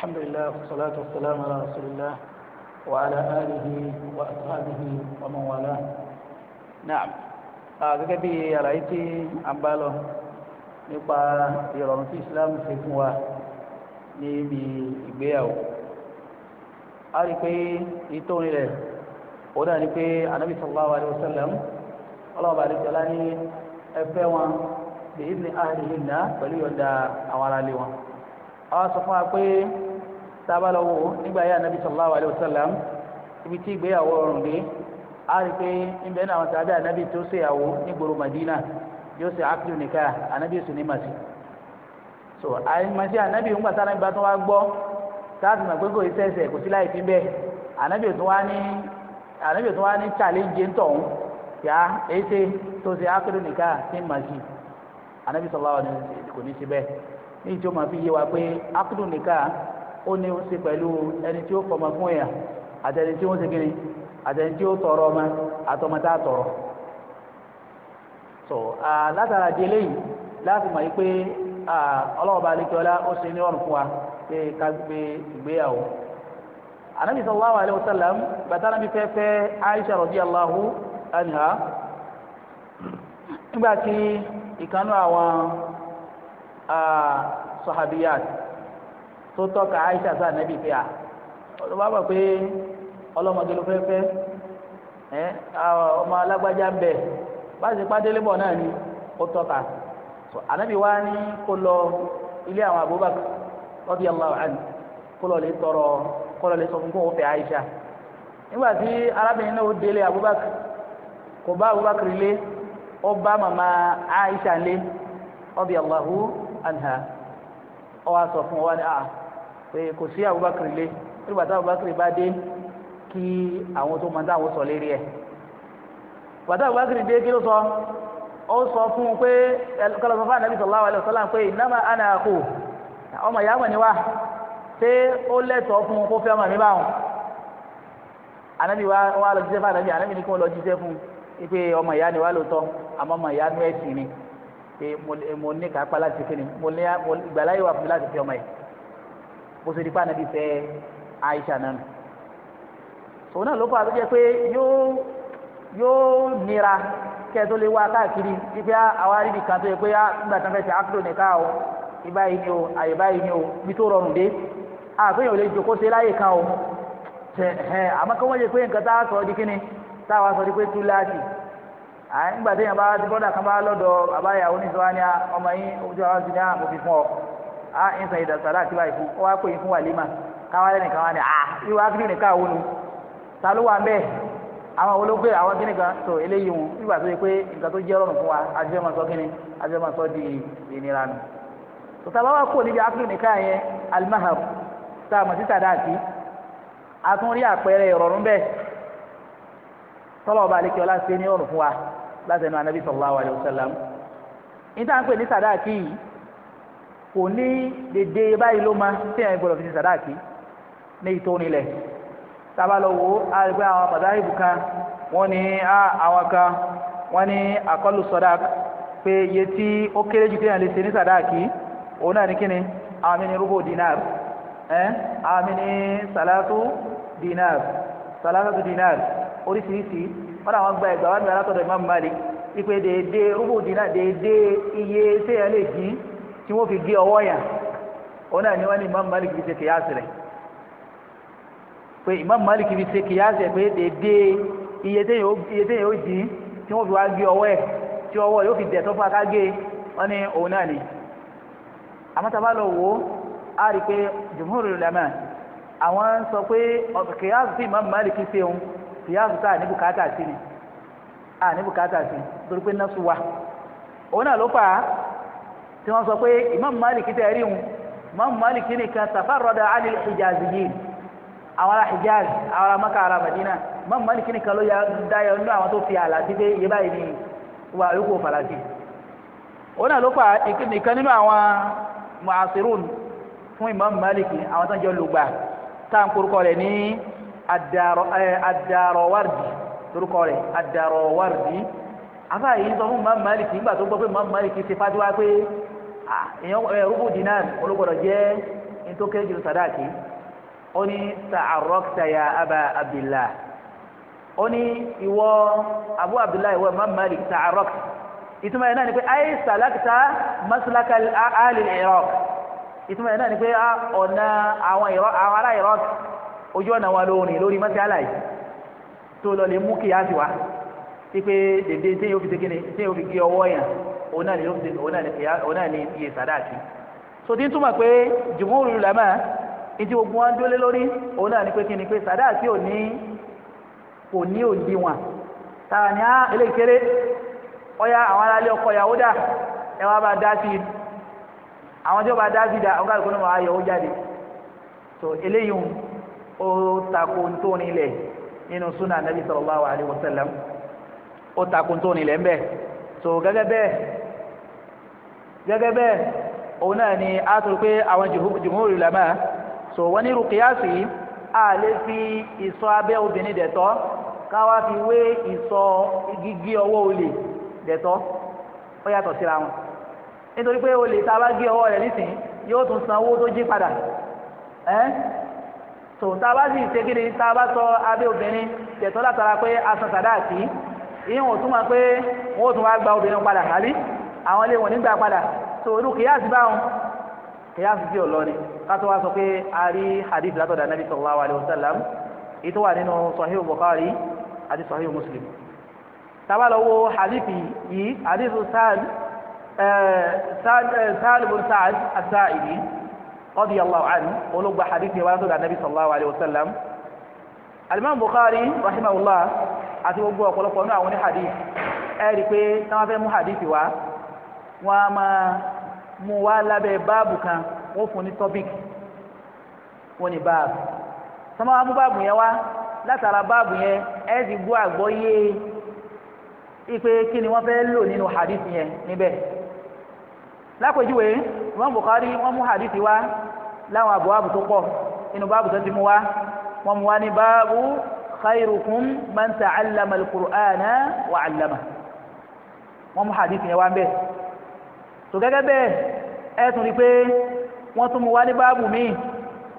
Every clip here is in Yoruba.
الحمد لله والصلاة والسلام على رسول الله وعلى آله وأصحابه ومن والاه نعم gẹ́gẹ́ bí àlàyé tí a ń bá lọ nípa ìrọ̀rùn tí Islam fi fún wa níbi ìgbéyàwó a rí pé ìtòun rẹ̀ ó dà ní pé anabi sallallahu alayhi wa sallam ọlọ́ọ̀bà àdìsọ́lá ní ẹgbẹ́ wọn lèyí ní ahìlì náà pẹ̀lú yọ̀ǹda àwọn aráàlú wọn. àwọn sọ fún wa pé tábàlọ́wọ́ nígbà yà nàbí sallallahu alayhi wa sallam ibi tí ìgbéyàwó ọ̀rùn dé a rí pé níbẹ̀ náà sábẹ́ ànábì tó ṣèyàwó ní Madina yóò ṣe ákìlù anabi ànábì sùn ní màsí. so àìmọ̀sí ànábì ń gbàtà nígbà tó wá gbọ́ táàbì mà gbégbó yìí sẹ̀sẹ̀ kò sí láì fi bẹ́ẹ̀ ànábì tó wá ní ànábì tó wá ní yá tó ṣe sí màsí ànábì wa sallam kò ní ó ní ó ṣe pẹ̀lú ẹni tí ó fọmọ fún yà àtẹni tí ó ṣe kíni àtẹni tí ó tọrọ ọmọ àtọmọ a tọrọ so látara di eléyìí láti mọ̀ yìí pé ọlọ́wọ́ ó ṣe ní fún wa pé ká gbé ìgbéyàwó anabi sallallahu alayhi wa sallam bàtà nàbí fẹ́fẹ́ aisha radiyallahu anha nígbà tí àwọn sahabiyat tó tọ́ka aisha sáà nẹ́bí fi a olùbá pé ah, ọlọ́mọdé ló ẹ ọmọ alágbájá ń bẹ báyìí pàdélé bọ̀ náà ni ó tọ́ka ànábì wa kó lọ ilé àwọn Abubakar radiyallahu anhu kó lọ lè tọrọ aisha nígbà tí arábìnrin náà ó délé Abubakar kò bá Abubakar lé ó aisha lé sọ fún wa pé kò sí Abubakar lé nígbà tí Abubakar bá dé kí àwọn tó máa dáwọn sọ lérí ẹ bàtà Abubakar dé kí ló sọ ó sọ fún un pé kọlọ sọ fún anabi sallallahu alaihi wasallam pé innama ana akhu ọmọ ìyá mọ̀ ni wá ṣé ó lẹ́tọ̀ọ́ fún un kó fẹ́ ọmọ mi báwọn anabi wa wà lọ jíṣẹ́ fún anabi anabi ni kí wọ́n lọ jíṣẹ́ fún un pé ọmọ ìyá ni wà lóòótọ́ àmọ́ ọmọ ìyá nu ẹ̀sìn ni pé mo ní kápá láti fi ni mo ní ìgbàláyè wà fún mi láti fi ọmọ yìí. bó ṣe di pa anabi fẹ́ Aisha náà òun náà ló kọ́ àtúnjẹ pé yóò yóò nira kẹ́ ẹ ya lè wá káàkiri wípé ah, àwa aríbi kan tó yẹ pé ah, nígbà tí wọ́n fẹ́ ṣe akúrò nìka o ìbáyìí ni o àyè báyìí ni o bí tó rọrùn dé ah, lè láyè kan o tẹ ẹ àmọ́ kí wọ́n yẹ pé nǹkan tá a sọ di kíni tá a wá sọ di pé tú bá ti bọ́dà kan bá lọ́dọ̀ àbáyà oníṣòwò ni ọmọ ní àmọ́ ọ a ń san ìdàsọ láti báyìí fún ọ wá pè é fún wàlímà káwá lẹ́nìkan wá ní à ah, irú akíní nìkan àwọn olù ta ló wà ń bẹ́ẹ̀ àwọn olóògbé àwọn kíní kan tó eléyìí wọn nígbà tó yẹ pé nǹkan tó jẹ́ ọlọ́run fún wa àjọyọ̀ sọ kíní àjọyọ̀ sọ di ìnira nù. tòtàbá wà kúrò níbi akíní nìkan yẹn alimahab tá a mọ̀ sí sàdáàkì a tún rí àpẹẹrẹ ìrọ̀rùn bẹ́ẹ̀ tọ́lọ́ọ̀bá alẹ́kẹ́ ọlá ṣe ní ọ̀rùn fún wa láti ẹnu anabi sallallahu alaihi wasallam kò ní dèdè báyìí ló máa tí ẹ̀ gbọ́dọ̀ fi ṣe sàdáàkì ní ìtónilẹ̀ tábàlọ́wọ́ àgbẹ̀ àwọn mọ̀dáìbù kan wọ́n ní àwọn kan wọ́n ní àkọlù sọ́dáàkì pé iye tí ó kéré jù téèyàn lè ṣe ní sàdáàkì òun náà ní kíni àwọn mi ní rúbò dinar ẹ́ àwọn mi ní sàlátù dinar sàlátù dinar oríṣiríṣi wọ́n làwọn gba ẹgbàá wọn ní alátọ̀dọ̀ Imam Malik ipe dèédé rúbò dinar dèédé iye téèyàn lè dín tí wọ́n fi gé ọwọ́ yàn òun náà ni wọ́n ní Imam Malik fi ṣe kìyàsí rẹ̀ pé Imam Malik fi ṣe kìyàsí rẹ̀ pé dédé iye téèyàn ó dín tí wọ́n fi wá gé ọwọ́ ẹ̀ tí ọwọ́ yóò fi dẹ̀ tó fún akágé wọ́n ní òun náà ni àmọ́tàbá lọ wò ó á rí i pé jumhurul ulama àwọn sọ pé kìyàsí tí Imam Malik ṣe òun kìyàsí tá à ní sí ni à ní bùkátà sí torí pé náà wà òun náà ló fà á tí wọ́n sọ pé imam malik tẹ̀ rí wọn imam malik nìkan tafarrada alil hijaziyin àwọn ará hijaz àwọn ará maka ará madina imam malik nìkan ló dáyọ nínú àwọn tó fi àlà sí pé yé báyìí ni wà lóko falasi òun náà ló fà nìkan nínú àwọn muasirun fún imam malik àwọn tó ń jọ lùgbà tá à ń korúkọ rẹ̀ ní adarọwárdi eh, torúkọ rẹ̀ adarọwárdi afa yìí sọ fún Imam Malik nígbà tó gbọ́ pé Imam Malik ti fatiwa pé èèyàn rúbù dinar olùgbọ́dọ̀ jẹ́ ntókè jùlọ sadaki ó ní ta'arrakta ya aba abdillah ó ní ìwọ abu abdillah ìwọ Imam Malik ta'arrakta ìtumọ̀ yẹn náà ni pé ayé sàlákìtà masilaka alì Iraq ìtumọ̀ yẹn náà ni pé ọ̀nà àwọn ará Iraq ojú ọ̀nà wa lórí lórí masala yìí tó lọ lè mú kíyàsí wa. tí pé dèdè tí yóò fi segin ni tí yóò fi gé ọwọ́ yàn òun náà ni yóò fi segin òun náà ni ìyá òun náà ni iye sàdáàkì so tí ń túmọ̀ pé jùmúrù làmà ìdí gbogbo wọn dúró lé lórí òun náà ni pé kí ni pé sàdáàkì ò ní kò ní òdiwọ̀n ni á eléyìí kéré àwọn aráalé ọkọ ìyàwó dà ẹ wá bá dá àwọn tí ó bá dá sí ó takun tó nílẹ̀ ń so gẹ́gẹ́ bẹ́ẹ̀ gẹ́gẹ́ bẹ́ẹ̀ òun náà ni a tó pé àwọn so wọ́n ní a lè fi ìsọ abẹ́ obìnrin dẹ̀tọ́ káwá fi wé ìsọ gígé ọwọ́ olè dẹ̀tọ́ ó yàtọ̀ síra wọn nítorí pé olè tá a bá gé ọwọ́ rẹ̀ yóò tún san padà ẹ́ so tá a bá sì ṣe kí ni tá a bá sọ abẹ́ obìnrin dẹ̀tọ́ látara ìyẹn wọn tún máa pé wọn ò tún wá gba obìnrin padà àbí àwọn ilé wọn nígbà padà tó irú kìyàsí báwọn kìyàsí sí ọlọ́ni kátó wá sọ pé a rí hadith látọ̀dọ̀ anabi sallallahu alayhi wa sallam èyí tó wà nínú sahih bukhari àti sahih muslim tabalawo hadithi yìí hadith sáàd sáàd bin sáàd asáàdì radiyallahu anhu olùgbà hadith yìí wà látọ̀dọ̀ anabi sallallahu alayhi wa sallam alimami bukhari rahimahullah àti gbogbo ọ̀pọ̀lọpọ̀ nínú àwọn oníhadith ẹ rí i pé táwọn fẹ́ mú hadith wá wọ́n á máa mú wá lábẹ́ báàbù kan wọ́n fún ní topic wọ́n ní báàbù sọmọ wa mú báàbù yẹn wá látara báàbù yẹn ẹ ti gbọ́ àgbọ́yé ipe kí ni wọ́n fẹ́ lò nínú hadith yẹn níbẹ̀ lápèjúwe Imam Bukhari wọ́n mú hadith wá láwọn àbúwábù tó pọ̀ nínú báàbù tó ti mú wá wọ́n mú wá ní báàbù خيركم من تعلم القرآن وعلمه. wa 'allama wọ́n mú hadith yẹn wá ń bẹ̀ tó gẹ́gẹ́ bẹ́ẹ̀ ẹ tún rí pé wọ́n tún mú wá ní báàbù míì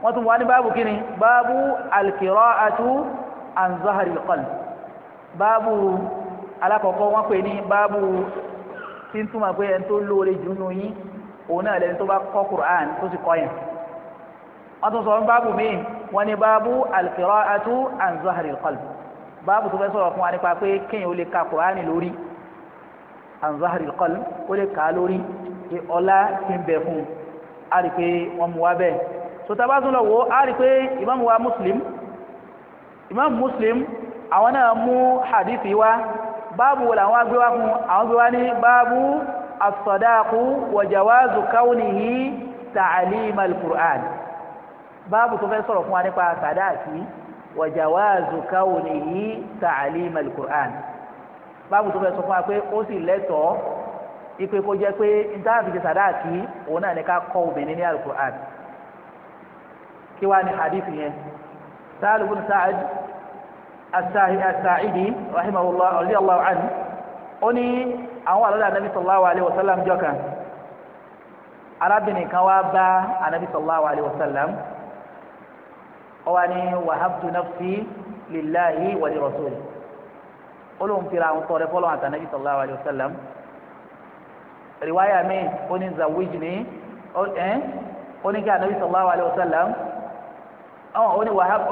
wọ́n tún mú wá ní báàbù kíni báàbù al-qira'atu an zahari báàbù alákọ̀ọ́kọ́ wọ́n pè ní báàbù tí pé ẹni tó lóore jù nù yín òun náà lẹni tó bá kọ́ Qur'an tó sì kọ́ yẹn wọ́n tún sọ ní báàbù míì wọ́n ní báàbù alqira'atu an zahril qalb báàbù tó fẹ́ sọ̀rọ̀ fún wa nípa pé kéèyàn ó lè ka kùránì lórí an zahril qalb ó lè kà á lórí pé ọlá ti ń bẹ fún un á rí pé wọ́n mú wa bẹ́ẹ̀ sotaba tún lọ wò á rí pé ìmáàmù wa muslim ìmáàmù muslim àwọn náà mú hadithi wa báàbù wò làwọn agbé wa fún àwọn gbé wa ní báàbù as-sadaqu wa jawazu kawnihi ta'lima al báàbù tó fẹ́ sọ̀rọ̀ fún wa nípa sàdáàkì wa jawazu kawnihi ta'lima al-Qur'an báàbù tó fẹ́ sọ fún wa pé ó sì lẹ́tọ̀ọ́ ipe kó jẹ́ pé ntaàbí ti sàdáàkì òun náà ní ká kọ́ obìnrin ní al-Qur'an kí wàá ní hadith yẹn Sahal ibn Sa'd as-Sa'idi rahimahullah radiyallahu anhu ó ní àwọn àlọ́dà anabi sallallahu alayhi wa sallam jọ kan arábìnrin kan wá bá anabi sallallahu alayhi wa sallam ọwọ́ ni wàhábù nàfsi lillahi wa li rasuli olóhùn fira àwọn tọrẹ fọlọ àti anabi sallallahu alayhi wa sallam riwaya mi oní zawij ni oní kí anabi sallallahu alayhi wa sallam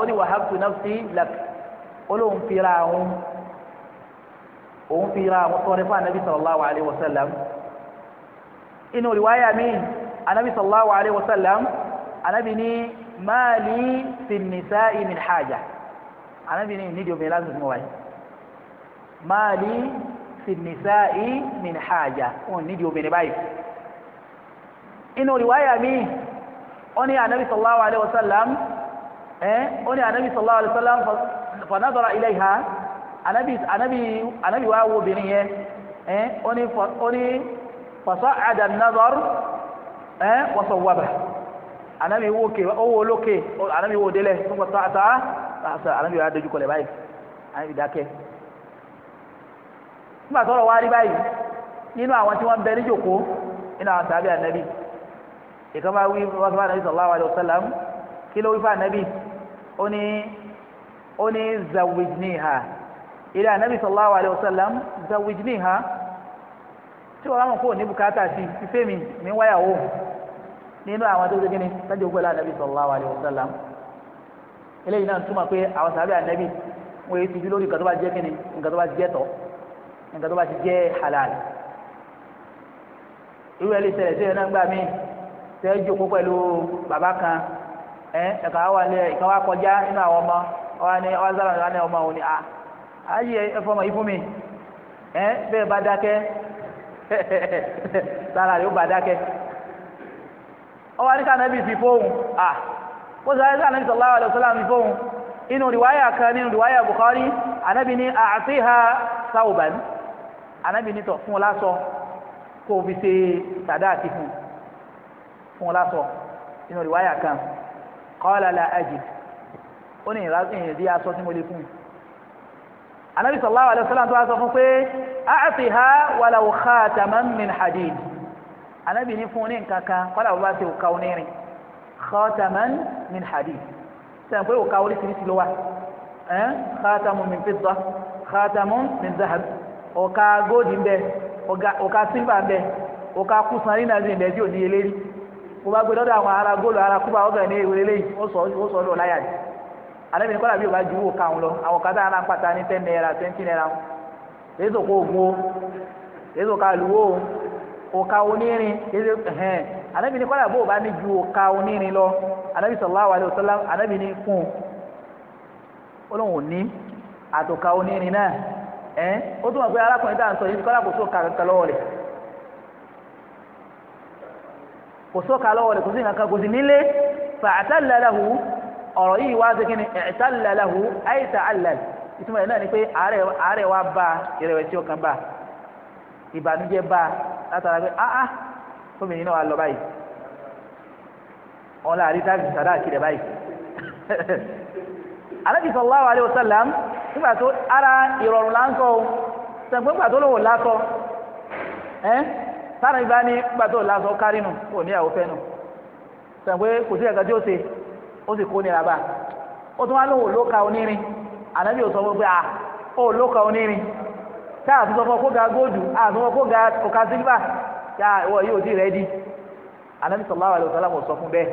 oní wàhábù nàfsi lak olóhùn fira àwọn òun fi ra àwọn tọrẹ fún anabi sallallahu alayhi wa sallam inú riwaya mi anabi sallallahu alayhi wa anabi ni máàlì fìnnìsá ìmìn hàjà anábìrin yìí nídìí obìnrin lásìkò wáyé máàlì fìnnìsá ìmìn hàjà òun nídìí obìnrin báyìí. inú rìwáyà mi ó ní anábì sallallahu alayhi wa sallam ẹ ó ní anábì sallallahu alayhi wa sallam fanadara ilayha anábì anábì anábì wa wo obìnrin yẹn ẹ ó ní fasa'ada an-nazar ẹ wa sawwabahu. anabi wo ke owó olókè anabi wo délẹ̀ nígbà tó àtà àṣà anabi wà á dojú kọlẹ̀ báyìí anabi dákẹ́ nígbà tó ọ̀rọ̀ wá rí nínú àwọn tí wọ́n bẹ ní jòkó nínú àwọn sàbí anabi ìkan bá wí wọ́n sábà anabi sallallahu wa sallam, kí ló wí fún anabi ó ní ó ní zawijniha ilé anabi sallallahu tí bá mọ̀ kó ní sí mi mi nínú àwọn tó ṣe kíni tájú ògbó la nàbí sallallahu alaihi wasallam eléyìí náà túmọ̀ pé àwọn sàbẹ̀ ànẹ́bí wọ́n yé tijú lórí nǹkan tó bá jẹ́ nǹkan tó bá jẹ́ ti jẹ́ halal irú ẹ̀ lè sí ẹ̀ náà gbà mí jókòó kan ẹ̀ ẹ̀ka wà lẹ̀ ẹ̀ka wà kọjá nínú àwọn ọmọ ọwọ́ ni ọwọ́ sára ọ̀la ni ọmọ òun a ayé ẹ̀fọ́ ọmọ yìí mi ẹ̀ bẹ́ẹ̀ bá dákẹ́ sára bá ọwọ́ ní káàná bíi fi fóun à ó sọ ayélujára nàbí sallallahu alaihi wasallam fi fóun inú rìwáyà kan nínú rìwáyà Bukhari ànábì ní àtiha sauban ànábì ní tọ̀ fún ọ lásọ kó o fi ṣe sàdá àti fún fún ọ lásọ inú rìwáyà kan qala la ajid ó ní ìrìn aṣọ tí mo lè fún un ànábì sallallahu alaihi tó wá sọ fún pé àtiha walau khataman min hadid anabi ní fún ní nǹkan kan kọ́lá bó bá ṣe òkà onírin khataman min hadith sẹ́yìn pé òkà oríṣiríṣi ló wà khatamun min fidda khatamun min zahab òkà góòdì ń bẹ òkà sílvà ń bẹ òkà kùsànrí náà ń bẹ tí ò ní eléyìí mo bá gbé lọ́dọ̀ àwọn ará góòlù ará kúbà ọ̀gá ní ìwé eléyìí ó sọ ọ́ lọ láyà ni kọ́lá bí o bá ju owó wọn lọ àwọn kátà ara ń ní ten naira twenty naira wọn èso kó gbó èso ká lu owó òka onírin ẹsẹ ẹhẹn anabi ní kọ́lá bó o bá ní ju onírin lọ anabi sallallahu alaihi wasallam anabi fún un ó lóun ní àtòka onírin náà ẹ ó tún pé arákùnrin tá à ń sọ yìí kò kankan kò kò sí nǹkan kò sí nílé yìí wá sí kíni ìtumọ̀ yẹn náà ni pé látara pé áá ah, tómìnì ah, náà wà lọ báyìí wọn láàrin táàbì sàdá àkìlẹ̀ báyìí alábi sallallahu alaihi wasallam nígbà tó ara ìrọ̀rùn là o sẹ̀gbọ́n gbà tó lòun lásọ ẹ́ sáà nígbà ní gbà tó lásọ kárí nù kò ní àwọn fẹ́ nù sẹ̀gbọ́n kò sí ẹ̀ka tí ó ṣe ó sì kó nira bá ó tún wá lóun ló ka onírin ànábì ò sọ fún pé à ah, ó ló onírin tá a tún sọ fún ọ kó ga góòdù a tún sọ fún ọ kó ga ọ̀ka sílvà tá a wọ yóò di rẹ di anabi sallallahu alaihi wasallam sọ fún bẹ́ẹ̀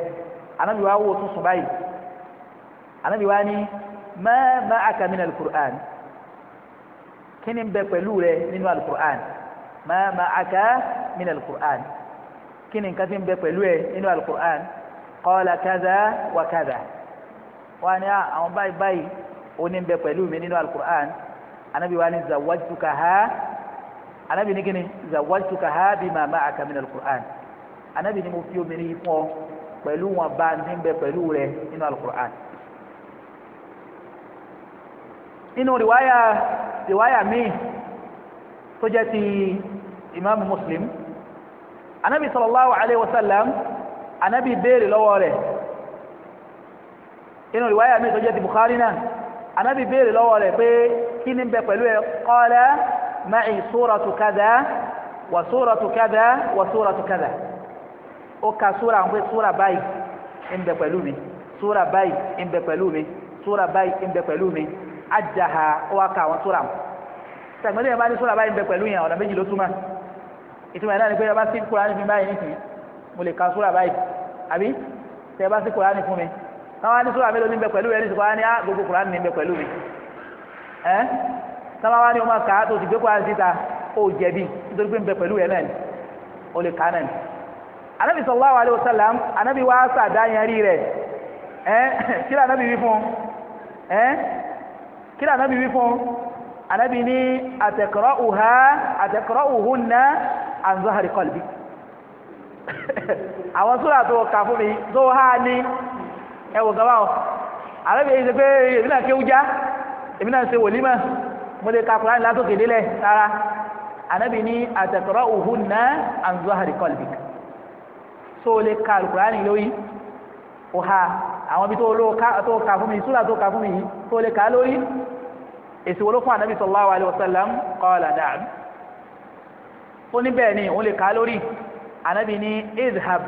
anabi wa wo tún sùn báyìí anabi wa ni ma ma'aka min alukur'an kí ni bẹ pẹ̀lú rẹ nínú alukur'an ma ma'aka min alukur'an kí ni bẹ pẹ̀lú ẹ nínú alukur'an qala kaza wa kaza wa ni ah, àwọn báyìí báyìí ó ní bẹ pẹ̀lú mi nínú alukur'an anabi wa ni zawajtuka ha anabi ni kini zawajtuka ha bi ma ma aka min alukur'an anabi ni mo fi obìnrin yìí fún ọ pẹ̀lú wọn bá ní bẹ pẹ̀lú rẹ nínú alukur'an nínú riwaya riwaya mi tó jẹ́ ti imaamu muslim anabi sallallahu alayhi wa sallam anabi béèrè lọ́wọ́ rẹ̀ nínú riwaya mi tó jẹ́ ti bukhari náà anabi béèrè lọ́wọ́ rẹ̀ pé kí ni bẹ pẹ̀lú ẹ qala ma'i suratu kadha wa suratu kadha wa suratu kadha ó ka súra ń pè súra báyìí ń bẹ pẹ̀lú mi súra báyìí ń bẹ pẹ̀lú mi súra báyìí ń bẹ pẹ̀lú mi ajaha ó wá ka àwọn súra mu sàgbẹ́lẹ́ yẹn bá ní súra báyìí ń bẹ pẹ̀lú yẹn ọ̀nà méjì ló túmọ̀ ìtumọ̀ yẹn náà ni pé yẹn sí kúránì fún báyìí nìsín mo lè ka súra báyìí àbí tẹ ẹ́ kàá tó ti gbé kó àti síta ó jẹ̀bi nítorí pé ń bẹ pẹ̀lú ó lè náà ni. anabi sallallahu alayhi wa anabi wa sàdá yẹn rẹ̀ ẹ́ kí anabi wí fún ẹ́ kí anabi wí fún anabi ní àtẹ̀kọ́rọ̀ òhà àtẹ̀kọ́rọ̀ òhùn náà àǹzọ́hàrí kọ́lbí àwọn súrà tó kà fún mi tó há ní ọ̀ èmi náà ṣe wòlímà mo lè ka Kùránì látòkè délẹ̀ rárá anabi ní atakra'uhunna an zahri qalbik so lè ka Kùránì lórí òhà àwọn ibi tó ka fún mi súlà tó ka fún mi tó lè ka lórí èsì wo ló fún anabi sallallahu alayhi wa sallam qala na'am ó ní bẹ́ẹ̀ ni òun lè ka lórí anabi ní izhab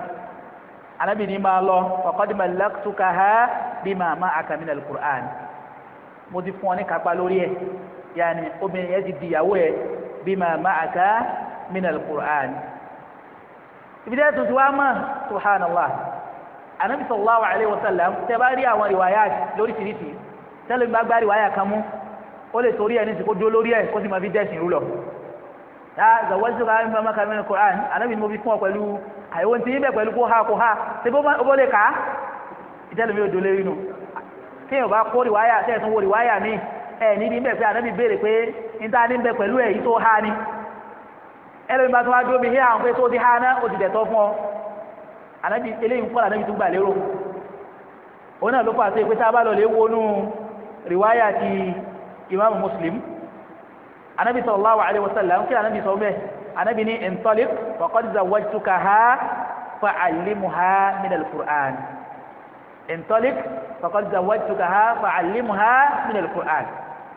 anabi ní máa lọ faqad mallaktukaha bima ma'aka min al-Qur'an mo ti fún ọ ní kápá lórí ẹ̀ yaani obìnrin yẹn ti di ìyàwó ẹ̀ bima ma'aka minal qur'an ibi tẹ́ tuntun wa mọ̀ subhanallah anabi sallallahu alayhi wa sallam tẹ́ bá rí àwọn ìwàyà lóríṣiríṣi tẹ́lẹ̀ ń bá gbá ìwàyà kan mú ó lè torí ẹ̀ ní sìkó dúró lórí ẹ̀ kó sì máa fi dẹ́sìn rú lọ. ya zawajtu ka min ma'aka minal qur'an anabi ni mo fi fún ọ pẹ̀lú àyẹ̀wò ti yín bẹ̀ pẹ̀lú kó ha kó ha ṣe bó lè kà ìtẹ́lẹ̀ mi ò dolé rí téèyàn bá kó rìwáyà tẹ́ẹ̀ tún wo rìwáyà mi ẹ̀ níbi ń bẹ̀ pé ànábì béèrè pé níta ní ń bẹ pẹ̀lú ẹ̀ tó há ni ẹlẹ́mi bá tún wá dóbi hí àwọn pé tó ti há náà ó ti dẹ̀tọ́ fún ọ ànábì eléyìí ń kọ́ ànábì tún gbà lérò òun náà ló kọ́ àti ìpẹ́tà bá lọ lè wọnú rìwáyà ti ìmáàmù Muslim ànábì sallallahu alaihi wasallam kí ànábì sọ bẹ́ẹ̀ ànábì ní intaliq wa qad zawwajtukaha fa'allimha min al ntọ́lík faqad zawwajtukaha fa'allimha min al-Qur'an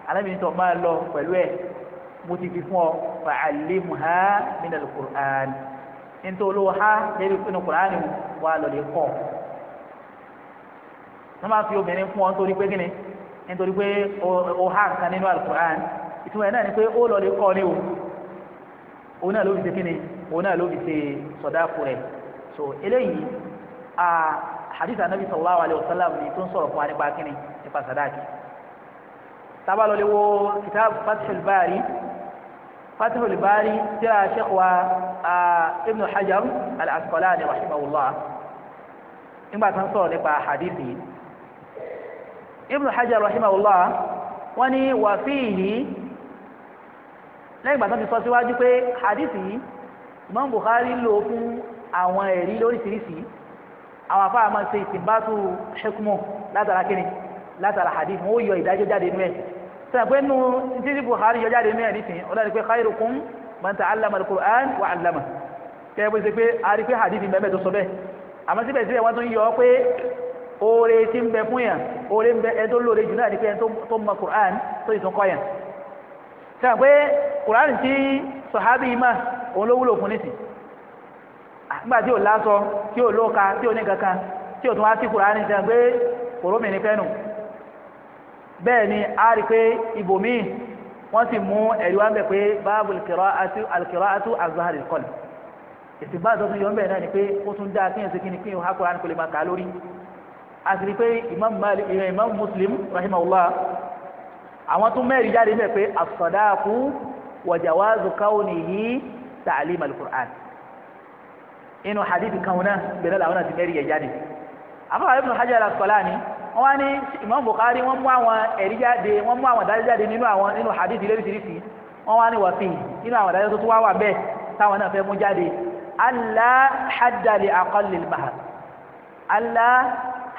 alábìnrin tó máa lọ pẹ̀lú ẹ̀ mo ti fi fún ọ fa'allimha min al-Qur'an nítorí olówó ha lébi pinnu Qur'an wà lọ́lẹ̀ kọ́ wọ́n máa fi obìnrin fún ọ nítorí pé kíni nítorí pé o ha nǹkan nínú al-Qur'an ìtumọ̀ ẹ̀ náà ni pé ó lọ́lẹ̀ kọ́ ni o òun náà ló fi ṣe kíni náà ló fi ṣe sọ̀dáàkù so eléyìí a hadith anabi sallallahu alayhi wa sallam ni tó ń sọ̀rọ̀ fún wa nípa kíni nípa sadaki tábàlọ́ lè wo kitab fatihul bari fatihul bari tí a sheikh wa ibnu hajar al-asqalani rahimahullah nígbà tó ń sọ̀rọ̀ nípa hadith yìí ibnu hajar rahimahullah wọ́n ní wàfíìhì lẹ́yìn ìgbà ti sọ síwájú pé hadith yìí imam bukhari lò fún àwọn ẹ̀rí lóríṣiríṣi àwọn afáà máa ń ṣe ìsìnbátu hekmo látara kíni látara hadith wọn ó yọ ìdájọ́ jáde nú ẹ̀ sọ̀rọ̀ pé nínú títí Bukhari yọ jáde nú ẹ̀ nísìnyí ó dára pé khairukum man ta'allama al-Qur'an wa 'allama kẹ́ bó ṣe pé a rí pé hadith bẹ́ẹ̀ tó sọ bẹ́ẹ̀ àmọ́ síbẹ̀síbẹ̀ wọ́n tún yọ pé oore tí ń bẹ fún yàn oore ń bẹ ẹ tó lóore jù náà ni pé ẹ tó mọ Qur'an tó ìtún kọ́ yàn sọ̀rọ̀ pé Qur'an tí nígbà tí ò lásọ tí ò lóka tí ò ní kankan tí ò tún wá sí kùránì sẹ́yìn pé kòrómìnì fẹ́nu bẹ́ẹ̀ ni a rí pé ibòmíì wọ́n sì mú ẹ̀rí wá ń bẹ̀ pé báàbù alkira'atu azahari kọ́lù èsì bá àtọ́tún yọ ń bẹ̀ náà ni pé ó tún dáa kíyàn sí kí ni kí ha kùránì kò lè máa kà á lórí a rí pé imam malik eh, imam muslim àwọn tún mẹ́rin jáde ń bẹ̀ pé as-sadaqu wa jawazu kawnihi ta'lima al-Qur'an inú hadith kan wọn náà gbẹdẹ làwọn náà ti mẹ́rin yẹn jáde àfọwọ́ ibn Hajar al-Asqalani wọ́n wá ní Imam Bukhari wọ́n mú àwọn ẹ̀rí jáde wọ́n mú àwọn ìdájọ́ jáde nínú àwọn nínú hadith lóríṣiríṣi wọ́n wá ní wàfí nínú àwọn ìdájọ́ tó tún wá wà bẹ́ẹ̀ táwọn náà fẹ́ mú jáde alla hadda li aqallil mahar alla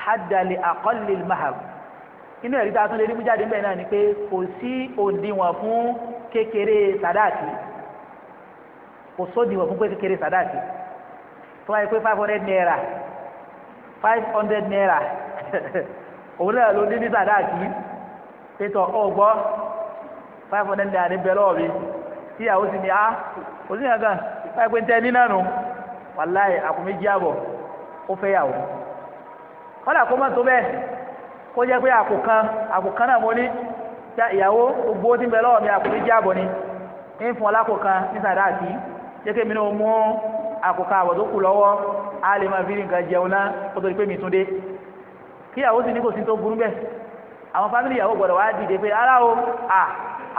hadda li inú ẹ̀rí tá a tún mú jáde bẹ́ẹ̀ náà ni pé kò sí òdiwọ̀n fún kékeré sàdáàtì kò sódiwọ̀n fún kékeré sàdáàtì tó wáyé pé five hundred naira five hundred naira òun náà ló ní ní sàdáàkì pétọ ọgbọ five hundred naira ní bẹlẹ ọbí tí àwọn sì ní a ah, kò sí nǹkan báyìí pé ń tẹ nínà nù wàláyé àkùnméjì àbọ̀ ó fẹ́ yàwó kọ́dà bẹ́ẹ̀ kó jẹ́ pé àpò kan àpò kan náà mo ní já ìyàwó gbogbo tí ń bẹ lọ́wọ́ mi àpò méjì àbọ̀ ni ń fún ọ lápò kan ní sàdáàkì jẹ́ náà mú àkókò àwọ̀ kù lọ́wọ́ a lè máa fi nǹkan jẹun náà kó tó pé mi kí ìyàwó sì ní kò sí tó burú bẹ́ẹ̀ àwọn fámìlì ìyàwó gbọ́dọ̀ wá dìde pé ara o à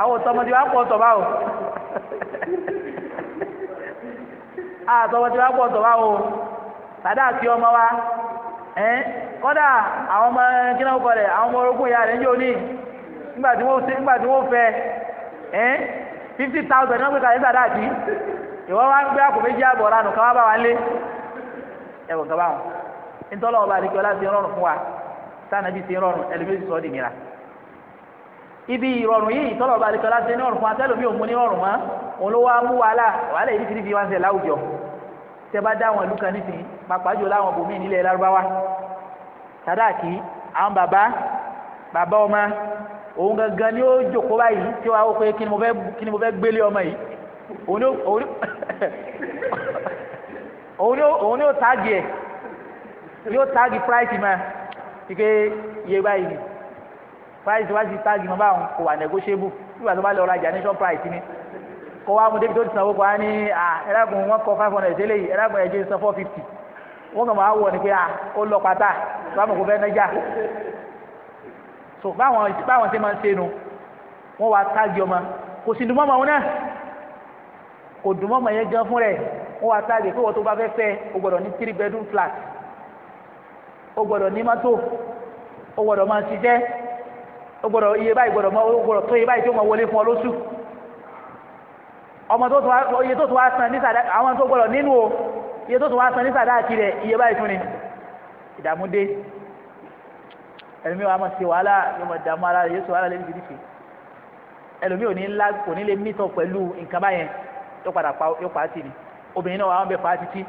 àwọn tọmọdé wa pọ̀ tọ̀ o àtọmọdé wa pọ̀ bá o tàdá àti ọmọ wa ẹ́n kọ́dà àwọn ọmọ kí náà kọlẹ̀ àwọn ọmọ orogún ìyá rẹ̀ ń yóò ní nígbà tí wọ́n ìwọ wa ń gbé àpò méjì àbọ̀ ránù káwá bá wa lé ẹ̀wọ̀n kaba wọn nítorí ọba àdìgbò láti rọrùn fún wa sànàbí ti rọrùn ẹlòmíì sọ ọ́ di ibi ìrọ̀rùn yìí ìtọ́lọ̀ ọba àdìgbò láti ní fún wa tẹ́lòmíì òun ní ọ̀rùn mọ́ òun ló wá mú wàhálà wàhálà yìí ti fi wá ń sẹ̀ láwùjọ tẹ́ bá dá àwọn ìlú kan nísìnyí pàápàá jù láwọn bòmíì nílẹ̀ lárúbáwá sàdáàkì àwọn bàbá bàbá ọmọ òun gangan ni ó jòkó báyìí tí wàá wò pé kí ni mo fẹ́ gbélé ọmọ yìí òun ni ó tagi ẹ̀ yóò tagi price ma ike iye báyìí ni price wá sí tagi ma báwọn kò wà negotiable bí wàá tó bá lọ rajà nation price ni kó wá mu débi tó ti sanwó kó wá ní ẹ̀rẹ́gùn wọn kọ five hundred sílẹ̀ yìí ẹ̀rẹ́gùn ẹ̀jẹ̀ san four fifty wọ́n kàn máa wọ̀ ni pé ó lọ pátá báwọn kò fẹ́ nájà so báwọn báwọn ṣe máa ń ṣe nu wọ́n wá tagi ọmọ kò sì dùn mọ́ ọmọ wọn náà kò dùn mọ́ mọ̀yẹ́ gan fún rẹ̀ wọ́n wá táàgì pé wọ́n tó bá fẹ́ fẹ́ o gbọ́dọ̀ ní three bedroom flat o gbọ́dọ̀ ní mọ́tò o gbọ́dọ̀ máa ṣiṣẹ́ o gbọ́dọ̀ iye báyìí gbọ́dọ̀ mọ́ o gbọ́dọ̀ tó iye báyìí tó máa wọlé fún ọ lóṣù ọmọ tó tó wá iye tó tó wá san ní sàdá àwọn tó gbọ́dọ̀ nínú o iye tó tó wá san ní sàdá àti rẹ̀ iye báyìí tún ni ìdààmú dé ẹlòmíì wa máa ṣe wàhálà yóò máa ara rẹ̀ wàhálà lẹ́yìn ìdíje yóò padà pa yóò pa á tì ní obìnrin náà àwọn bẹ pa á títí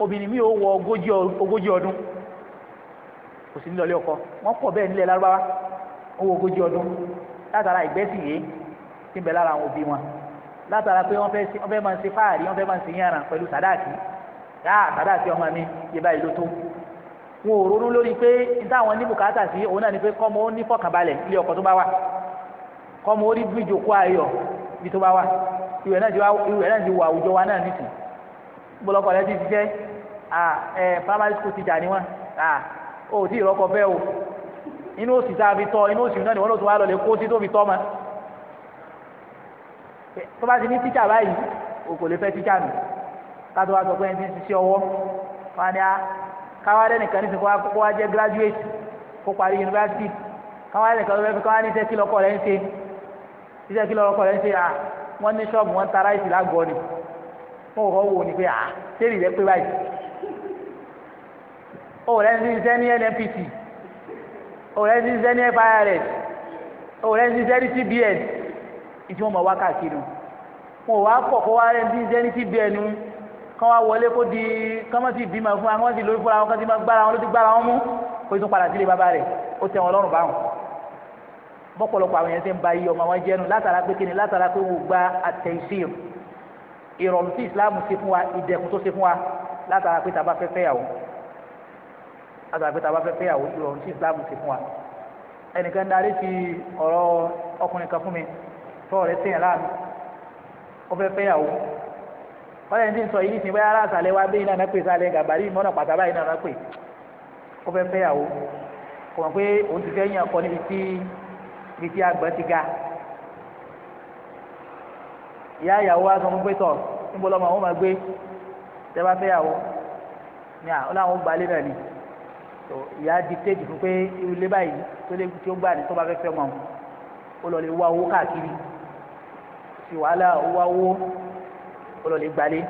obìnrin mi ò wọ ogójì ọdún kò sí nílọlé ọkọ wọn pọ̀ bẹ́ẹ̀ nílẹ̀ lárúbáwá ó wọ ogójì ọdún látara ìgbẹ́sìn yìí ti ń bẹ lára àwọn òbí wọn látara pé wọn fẹ́ máa ń ṣe fáàrí wọn fẹ́ máa ń ṣe yànrà pẹ̀lú sàdáàkì yáà sàdáàkì ọmọ mi yé báyìí ló tó wọn ò ronú lórí pé táwọn ní bùkátà sí òun náà ni pé kọ́mọ ó ní fọkànbalẹ̀ ilé ọkọ tó bá wà kọ́mọ ó rí bíjò kó ayọ̀ bí tó bá wà ìwẹ̀ náà ti wá ìwẹ̀ náà ti wọ àwùjọ wa náà nìkan bọ́lọ́kọ̀ rẹ ti ti jẹ́ ẹ primary school teacher ni wọ́n ó ti ìrọ́kọ̀ bẹ́ẹ̀ o inú òsì tá a fi tọ́ inú òsì náà ni wọ́n ló tún wá lọ lè kó sí tó fi tọ́ ma tó bá ti ní teacher báyìí o kò lè fẹ́ teacher mi ká tó wá sọ pé ẹni ti ń ṣiṣẹ́ ọwọ́ wọn á a káwá lẹ́nìkan nísìnyí kó wá jẹ́ graduate kó parí university káwá lẹ́nìkan ló fẹ́ fi káwá ní iṣẹ́ kí lọ́kọ̀ rẹ̀ ń ṣe iṣẹ́ kí lọ́kọ̀ rẹ̀ ń ṣe à wọ́n ní ṣọ́ọ̀bù wọ́n ta ráìsì lágọ̀ọ́ ni wọ́n ò wò ní pé à sẹ́ẹ̀lì rẹ̀ pé báyìí ó rẹ̀ ń ṣiṣẹ́ ní NNPC o rẹ̀ ń ṣiṣẹ́ ní FIRS o rẹ̀ ń ṣiṣẹ́ ní CBN ìdí wọn mọ̀ wá káàkiri wọn ò wá pọ̀ kó wá rẹ̀ ń ṣiṣẹ́ ní CBN kán wá wọlé kó di kán mọ̀ sí bímọ fún wa kán mọ̀ sí lórí fúnra wọn kán ti máa gbára wọn ló ti gbára wọn mú kó tún padà sílé bàbá rẹ̀ ó tẹ̀ wọn lọ́rùn báwọn bọ́pọ̀lọpọ̀ àwọn yẹn ti ń ba iye ọmọ wọn jẹ́nu látara pé kíni látara pé wò gba àtẹ̀sír ìrọ̀rùn tí islam ṣe fún wa ìdẹ̀kùn tó ṣe fún wa látara pé tàbá fẹ́ fẹ́yàwó látara pé tàbá fẹ́ fẹ́yàwó ìrọ̀rùn tí islam ṣe fún wa ẹnìkan darí ti ọ̀rọ̀ ọkùnrin kan fún mi tọ́ọ̀ rẹ̀ sẹ́yìn láàmú ó fẹ́ fẹ́yàwó wọ́n yẹn ti ń sọ yìí nísìnyí báyà aláṣàlẹ̀ wa bẹ́yìn náà bí tí àgbọn ti ga ìyá ìyàwó wa sọ fún pé tọ níbo lọmọ àwọn máa gbé tẹ bá fẹ́yàwó ní àwọn làwọn gba ilé náà ni tó ìyá dictate fún pé ilé báyìí tó lé tí ó gbà ní tó bá fẹ́ fẹ́ mọ́ ó lọ lè wá owó káàkiri sí wàhálà wá owó ó lọ lè gbalé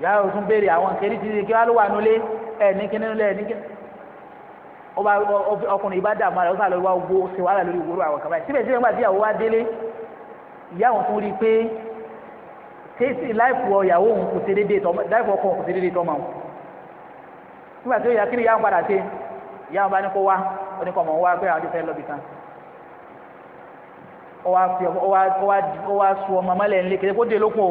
ìyá ò tún béèrè àwọn kéré ti di kí wàá ló wà nulẹ̀ ẹ̀ ní kíní nulẹ̀ ẹ̀ ní kíní ọba ọkùnrin ìbá dààmú ara ó sà lọ wá owó ṣe wàhálà lórí ìwúrò àwọn kàbáyé síbẹ̀síbẹ̀ nígbà tí ìyàwó wa délé ìyá òun tún rí i pé kéésì láìpù ọ̀yàwó òun kò ṣe déédéé tọ́ láìpù ọkọ òun kò ṣe déédéé tọ́ mọ́ nígbà tí ó yà kí ni ìyá òun padà ṣe ìyá òun bá ní kó wá ó ní kó ọmọ wá pé àwọn ti fẹ́ lọ bìkan ó wá su ọmọ mọ́lẹ̀ ńlẹ̀ kéde kó dé lókun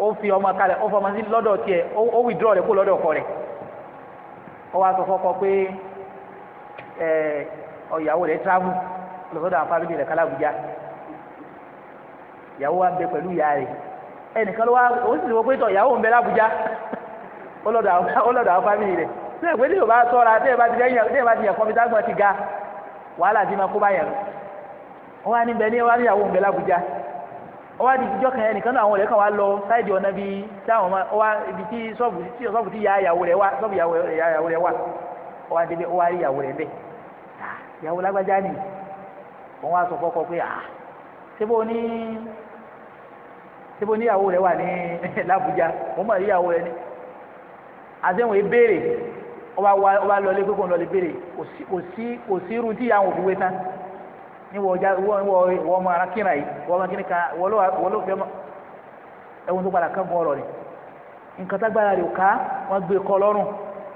o ó fi ọmọ kalẹ̀ ó fọmọ sí lọ́dọ̀ tiẹ̀ ó withdraw rẹ̀ kó lọ́dọ̀ ọkọ rẹ̀ ó wá sọ fọ́kọ pé ọ̀yàwó rẹ̀ travel lọ́sọ̀dọ̀ àwọn fámìlì rẹ̀ kálàbùjá ìyàwó wa ń bẹ pẹ̀lú ìyá rẹ̀ ẹnìkan ló wá òun sì lè wọ pé tọ̀ ìyàwó ń bẹ lábùjá ọlọ́dọ̀ àwọn fámìlì rẹ̀ tí ẹ̀gbẹ́ tí yóò bá tọ́ra tí ẹ̀ bá ti yẹ ti ga wàhálà ti máa kó bá yẹn wọ́n wá ní wọ́n lọ sáìdì ọ̀nà bíi táwọn ibi tí sọ́ọ̀bù tí ìyá ìyàwó rẹ̀ wá sọ́ọ̀bù ìyàwó rẹ̀ wá ìyàwó lágbájá ni òun wá sọ fọ́kọ pé ah síbò ní síbò ní ìyàwó rẹ wà ní làbújá òun mọ̀ ni àtẹ̀wọ̀n ìbéèrè ọba wa ọba lọlé pé kò lọlé béèrè kò sí kò sí irú tí ìyàwó fi wé tán ní wọ ọjà wọ wọ ọmọ arákìnrin yìí ọmọ kan ló mọ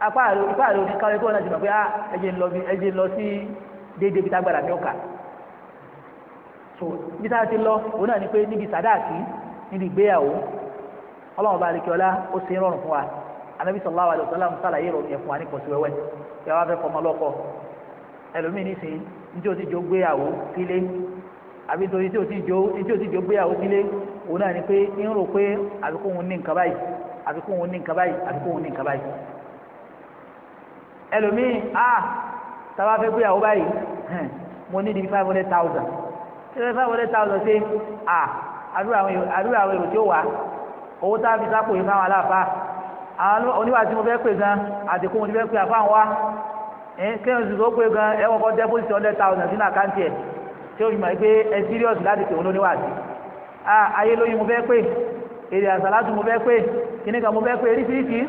apá àrò ipá àrò ní káwé kó náà pé á ẹ̀jẹ̀ ń lọ sí déédéé bí so bí táwọn ti lọ òun náà ni pé níbi sàdáàkì níbi ìgbéyàwó ọlọ́run bá àlekè ọlá ó ṣe ń rọrùn fún wa anabi sallallahu alaihi wasallam sàlàyé ìròyìn ẹ̀fún wa ní pọ̀síwẹ́wẹ́ kí wọ́n fẹ́ fọmọ lọ́kọ ẹlòmíì nísìnyí ní tí o ti jó gbéyàwó ni pé ẹlòmíì ah, a tàbá fẹ́ gbéyàwó báyìí mo ní di five hundred thousand ṣé five hundred thousand ṣe a ah, àdúrà àwọn èrò tí ó wà owó tá a fi sápò yìí fáwọn aláàfáà àwọn oníwà tí mo fẹ́ pè gan mo ti pè tó gan ẹ kọ́kọ́ deposit hundred thousand sínú àkáǹtì tí o fi mọ̀ pé ẹ serious láti pè lóníwà a ah, ayé lóyún mo fẹ́ èrè mo mo eríṣiríṣi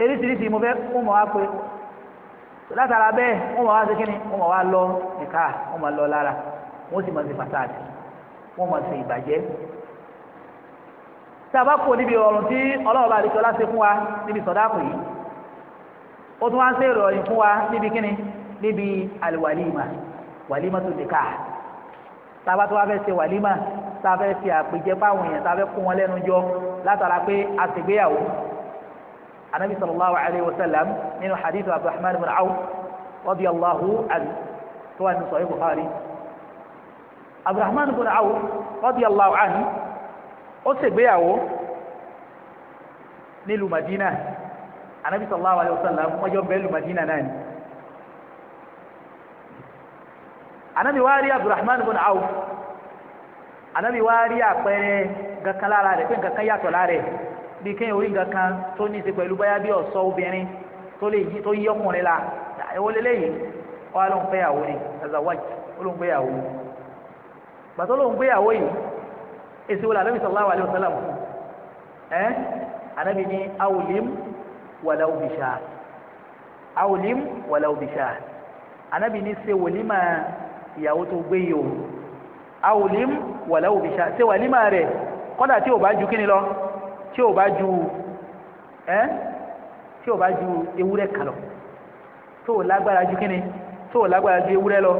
eríṣiríṣi mo fẹ́ wọ́n mọ̀ wá pé látara bẹ́ẹ̀ wọ́n mọ̀ wá sí kíni wọ́n mọ̀ wá lọ nìka wọ́n mọ̀ lọ lára wọ́n sì mọ̀ sí fasáàdì wọ́n mọ̀ sí ìbàjẹ́ tí a bá kó níbi ọ̀rùn tí ọlọ́run bá àdìsọ́lá ṣe fún wa níbi sọ̀dáàkù yìí ó tún wá ń ṣe ìrọ̀rùn fún wa níbi kíni níbi àlùwàlímà wàlímà tó nìka tá a bá tó wá fẹ́ ṣe wàlímà tá a fẹ́ ṣe àpèjẹ fáwọn èèyàn tá a fẹ́ kó wọn lẹ́nu jọ látara pé a ṣègbéyàwó anabi sallallahu alayhi wa sallam nínú hadith abdulrahman ibn awf radiyallahu anhu tó wà ní sọ̀rọ̀ buhari abdulrahman ibn awf radiyallahu anhu ó ṣègbéyàwó nílùú madina anabi sallallahu alayhi wa sallam wọ́n jọ bẹ́ẹ̀ lù madina náà ni anabi wa rí abdulrahman ibn awf anabi wa rí àpẹẹrẹ kankan lára rẹ̀ pé nǹkan kan yàtọ̀ lára rẹ̀ bí kéèyàn orí nǹkan kan tó ní í ṣe pẹ̀lú báyà bí ọ̀ṣọ́ obìnrin tó lè yí tó yí ọkùnrin la ìwọ lélẹ́yìn wà ló ń fẹ́yàwó ni azawaj ó ló ń fẹ́yàwó gbàtó ló ń fẹ́yàwó yìí èsì wọlé alábi sallallahu alayhi wa sallam ẹ anabi ni awulim wàlá obìṣà awulim wàlá obìṣà anabi ni ṣe wòlímà ìyàwó tó gbé yìí o awulim wàlá obìṣà ṣe wàlímà rẹ kọ́dà tí o bá ju kí ni lọ. tí o bá ju ẹ́ tí o bá ju ewúrẹ́ kalọ lọ tó o lágbára ju kíni tó o lágbára ju ewúrẹ́ lọ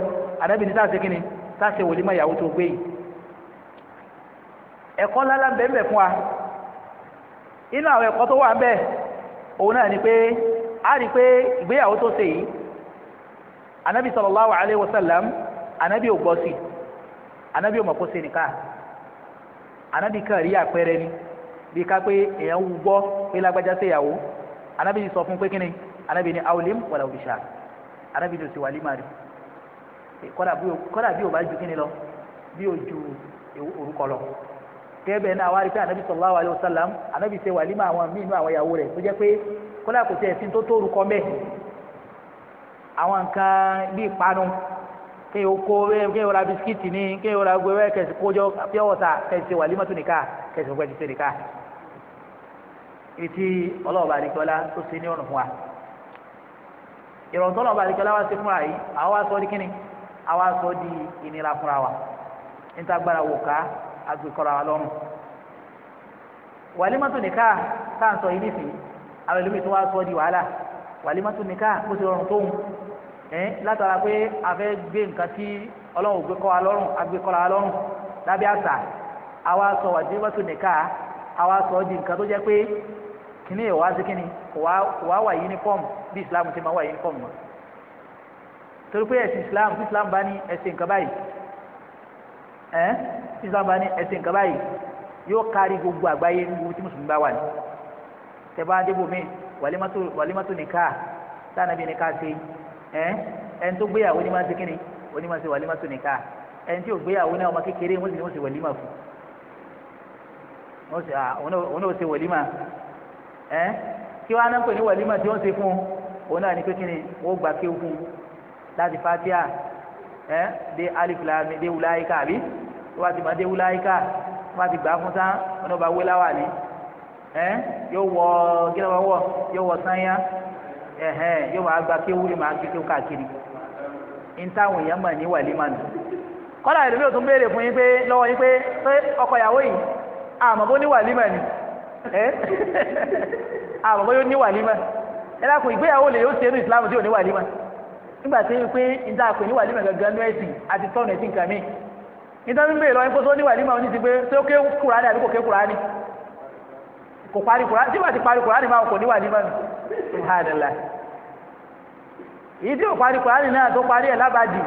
àdábìíní tá a ṣe kíni tá a ṣe wòlímọ ìyàwó tó gbé yìí Ẹkọ ńláńlá ń bẹ ń bẹ fún wa inú àwọn ẹ̀kọ́ tó wà ń bẹ òun náà ni pé a rí i pé ìgbéyàwó tó ṣe yìí anabi sallallahu alayhi wa sallam anabi ò gbọ́ anabi ò mọ̀ anabi kan pere ni. bí ká pé èèyàn wù gbọ́ pé lágbájá ṣèyàwó anábì sọ fún pé kíni anábì ní awlim wàlà òbíṣà anábì ní òsì wàlímà rí kọ́dà bí o bá ju kíni lọ bí o ju orúkọ lọ kẹ́bẹ̀ náà wá rí pé anabi sallallahu alayhi wa sallam anabi ṣe wàlímà àwọn míì nínú àwọn ìyàwó rẹ̀ tó jẹ́ pé kọ́lá kò tiẹ̀ sí tó tó orúkọ mẹ́ àwọn nǹkan bíi ìpanu kéèyàn kó kéèyàn ra bisikíìtì ní kéèyàn ra gbẹwẹ́ kẹsì kójọ pure water kẹsì ṣe wàlímà tó nìka kẹsàn-án gbẹ́jú sẹ́ni ká ibi tí ọlọ́ọ̀bà àdìgbọ́lá tó ṣe ní ọ̀nà fún wa ìrọ̀tọ́ ọlọ́ọ̀bà àdìgbọ́lá wá sí fúnra yìí àwa sọ di kíni àwa sọ di ìnira fúnra wa níta gbára wò ká agbèkọ́ra wa lọ́rùn wàlímọ́tò nìka tá à ń sọ yìí nísìnyí àwọn ìlú mi tó wá sọ di wàhálà wàlímọ́tò nìka kó ti rọrùn tóun ẹ̀ látara pé a fẹ́ gbé nǹkan tí ọlọ́run gbé kọ́ wa lọ́rùn agbèkọ́ra wa lọ́rùn lábẹ́ àṣà àwa sọ wàjíbàtù nìka àwa sọ di nǹkan tó jẹ́ pé kíní ìwà sí kíní wàá wà uniform bí islam ti máa wà uniform mọ́ torí pé ẹ̀sìn islam tí islam bá ní ẹ̀sìn nǹkan báyìí ẹ̀ tí islam bá ní ẹ̀sìn nǹkan báyìí yóò kárí gbogbo àgbáyé gbogbo tí mùsùlùmí bá wà ní tẹ̀bá débò mi wàlímátò nìka tánàbí nìka ṣe ẹ̀ ẹni tó gbéyàwó ni máa ṣe kíni onímọ̀ ṣe wàlímátò nìka ẹni tí ò gbéyàwó náà ọmọ kékeré wọ́n sì ní wọ́n ṣe wàlímà fún un wọ́n sì òun náà ṣe wẹ̀límà ẹ́ kí wọ́n á náà pè ní wẹ̀límà tí wọ́n ṣe fún un òun náà ní pé kí ni wọ́n gbà kéwù fún un láti fatia ẹ́ dé alifilami dé wúláyíká àbí tó bá ti mọ̀ dé wúláyíká tó bá ti gbà fún tán wọn náà bá wé láwà ní ẹ́ yóò wọ kí ló bá wọ yóò wọ sányá ẹ̀hẹ́n yóò máa gbà kéwù yóò máa gbé kéwù káàkiri ní táwọn èèyàn mọ̀ ní wẹ̀límà nù kọ́lá ìlú mi ò tún béèrè fún yín pé lọ́wọ́ yín pé ọkọ ìyàwó yìí àmọ́ ah, bó ní wàlímà ni àmọ́ ah, bó ní wàlímà ẹ lákùn ìgbéyàwó lè yóò ṣe inú ìsìlámù tí ò ní wàlímà nígbà wípé níta ní wàlímà gangan ní ẹ̀sìn àti tọ́nù ẹ̀sìn kan mí ní wàlímà ti pé ṣé ké kúránì àbí kò ké kúránì kò parí kúránì tí ti parí kúránì máa kò ní wàlímà nù subhanallah ìdí ò parí náà tó parí ẹ̀ lábàdì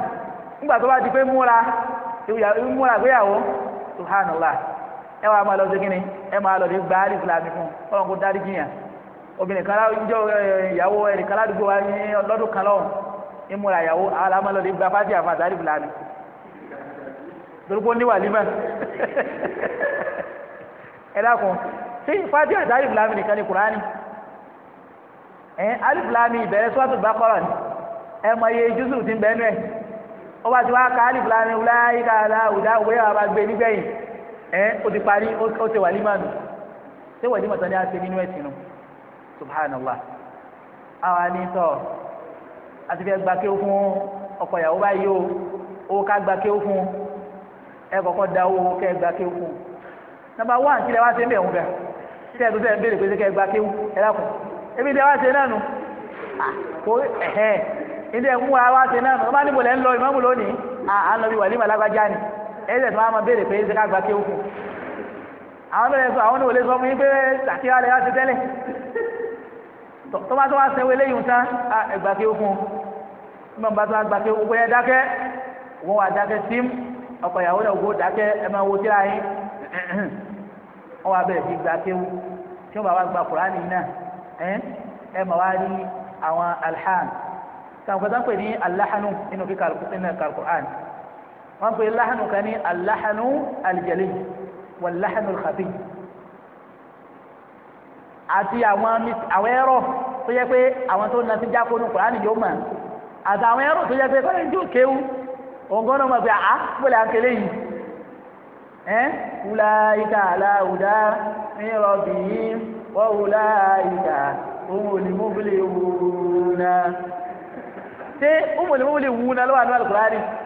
nígbà tó bá pé múra ẹ wàá máa lọ sí kínní ẹ máa lọ sí gba alìsílámì fún ọlọ́run kó dárí jiyàn obìnrin kan láwùjọ ìyàwó ẹnìkan ládùúgbò wa ní lọ́dún kan lọ́hùn ìmúra ìyàwó àwọn làwọn máa lọ sí gba fásitì àfàtà alìsílámì dorúkọ ní wàlímà ẹ dákun ṣé fásitì àti alìsílámì nìkan ní kùránì ẹ alìsílámì ìbẹ̀rẹ̀ sọ́ọ̀tù bákọ́rọ̀ ni ẹ mọ iye jùsù ti ń bẹ́ẹ̀ nù ẹ̀ ọba tí wàá ka alìsílámì wúláyíká aláwùdá òwe àwọn àgbẹ̀ nígbẹ̀yìn ẹ o ti parí o ti wà límánu ṣé wà límánu tán ni a ṣe nínú ẹ̀sìn nu subhanallah àwa ni sọ àti fẹ́ gba kéwù fún ọkọ ìyàwó báyìí o owó ká gba kéwù fún ẹ kọ́kọ́ da owó kẹ́ gba kéwù fún nàbà wá àti ilẹ̀ wá ṣe ń bẹ̀ wọ́n gà tí ẹ̀ tó sẹ́ ń béèrè pé kẹ́ gba kéwù ẹ̀ lákùn ebi ilẹ̀ wá ṣe náà nu ah, kó ẹ̀hẹ́ ilẹ̀ ń wá wá ṣe náà nu ọba níbo lẹ́ ń lọ ìmọ̀mù lónìí ah, à ń lọ bí wà límánu alágbájá ni ẹsẹ̀ tí wọ́n á máa béèrè pé ṣé ká gba kéwù fún àwọn bẹ̀rẹ̀ sọ àwọn olè sọ fún yín pé àkíyá lè wá ti tẹ́lẹ̀ tó bá tó wá sẹ́wọ́ eléyìí tán ẹgbà kéwù fún un nígbà tó wá gbà kéwù pé ẹ dákẹ́ wọ́n wá dákẹ́ sí ọkọ̀ ìyàwó náà gbó dákẹ́ ẹ máa wo tíra yín wọ́n wá bẹ̀rẹ̀ sí gbà kéwù tí wọ́n bá wá gba kùránì náà ẹ máa wá rí àwọn alhan kàǹkọ̀tà ń pè ní alahanu nínú kíkà alquran wọ́n pe láhànù kan ní aláhànù àlìjẹ̀lẹ̀ wà láhànù kàbí àti àwọn àwọn ẹ̀rọ tó yẹ pé àwọn tó nasi jáko ní kùránì yóò mọ̀ àti àwọn ẹ̀rọ tó yẹ pé kọ́ni jù kéwù òǹgọ́nà mọ̀ pé àá gbọ́dọ̀ àǹkẹ́lẹ́ yìí ẹ́ wùlá ìka aláwùdá mírọ̀ bìí wọ́n wùlá ìka òun ò ní mú bílẹ̀ wù náà ṣé òun ní mú bílẹ̀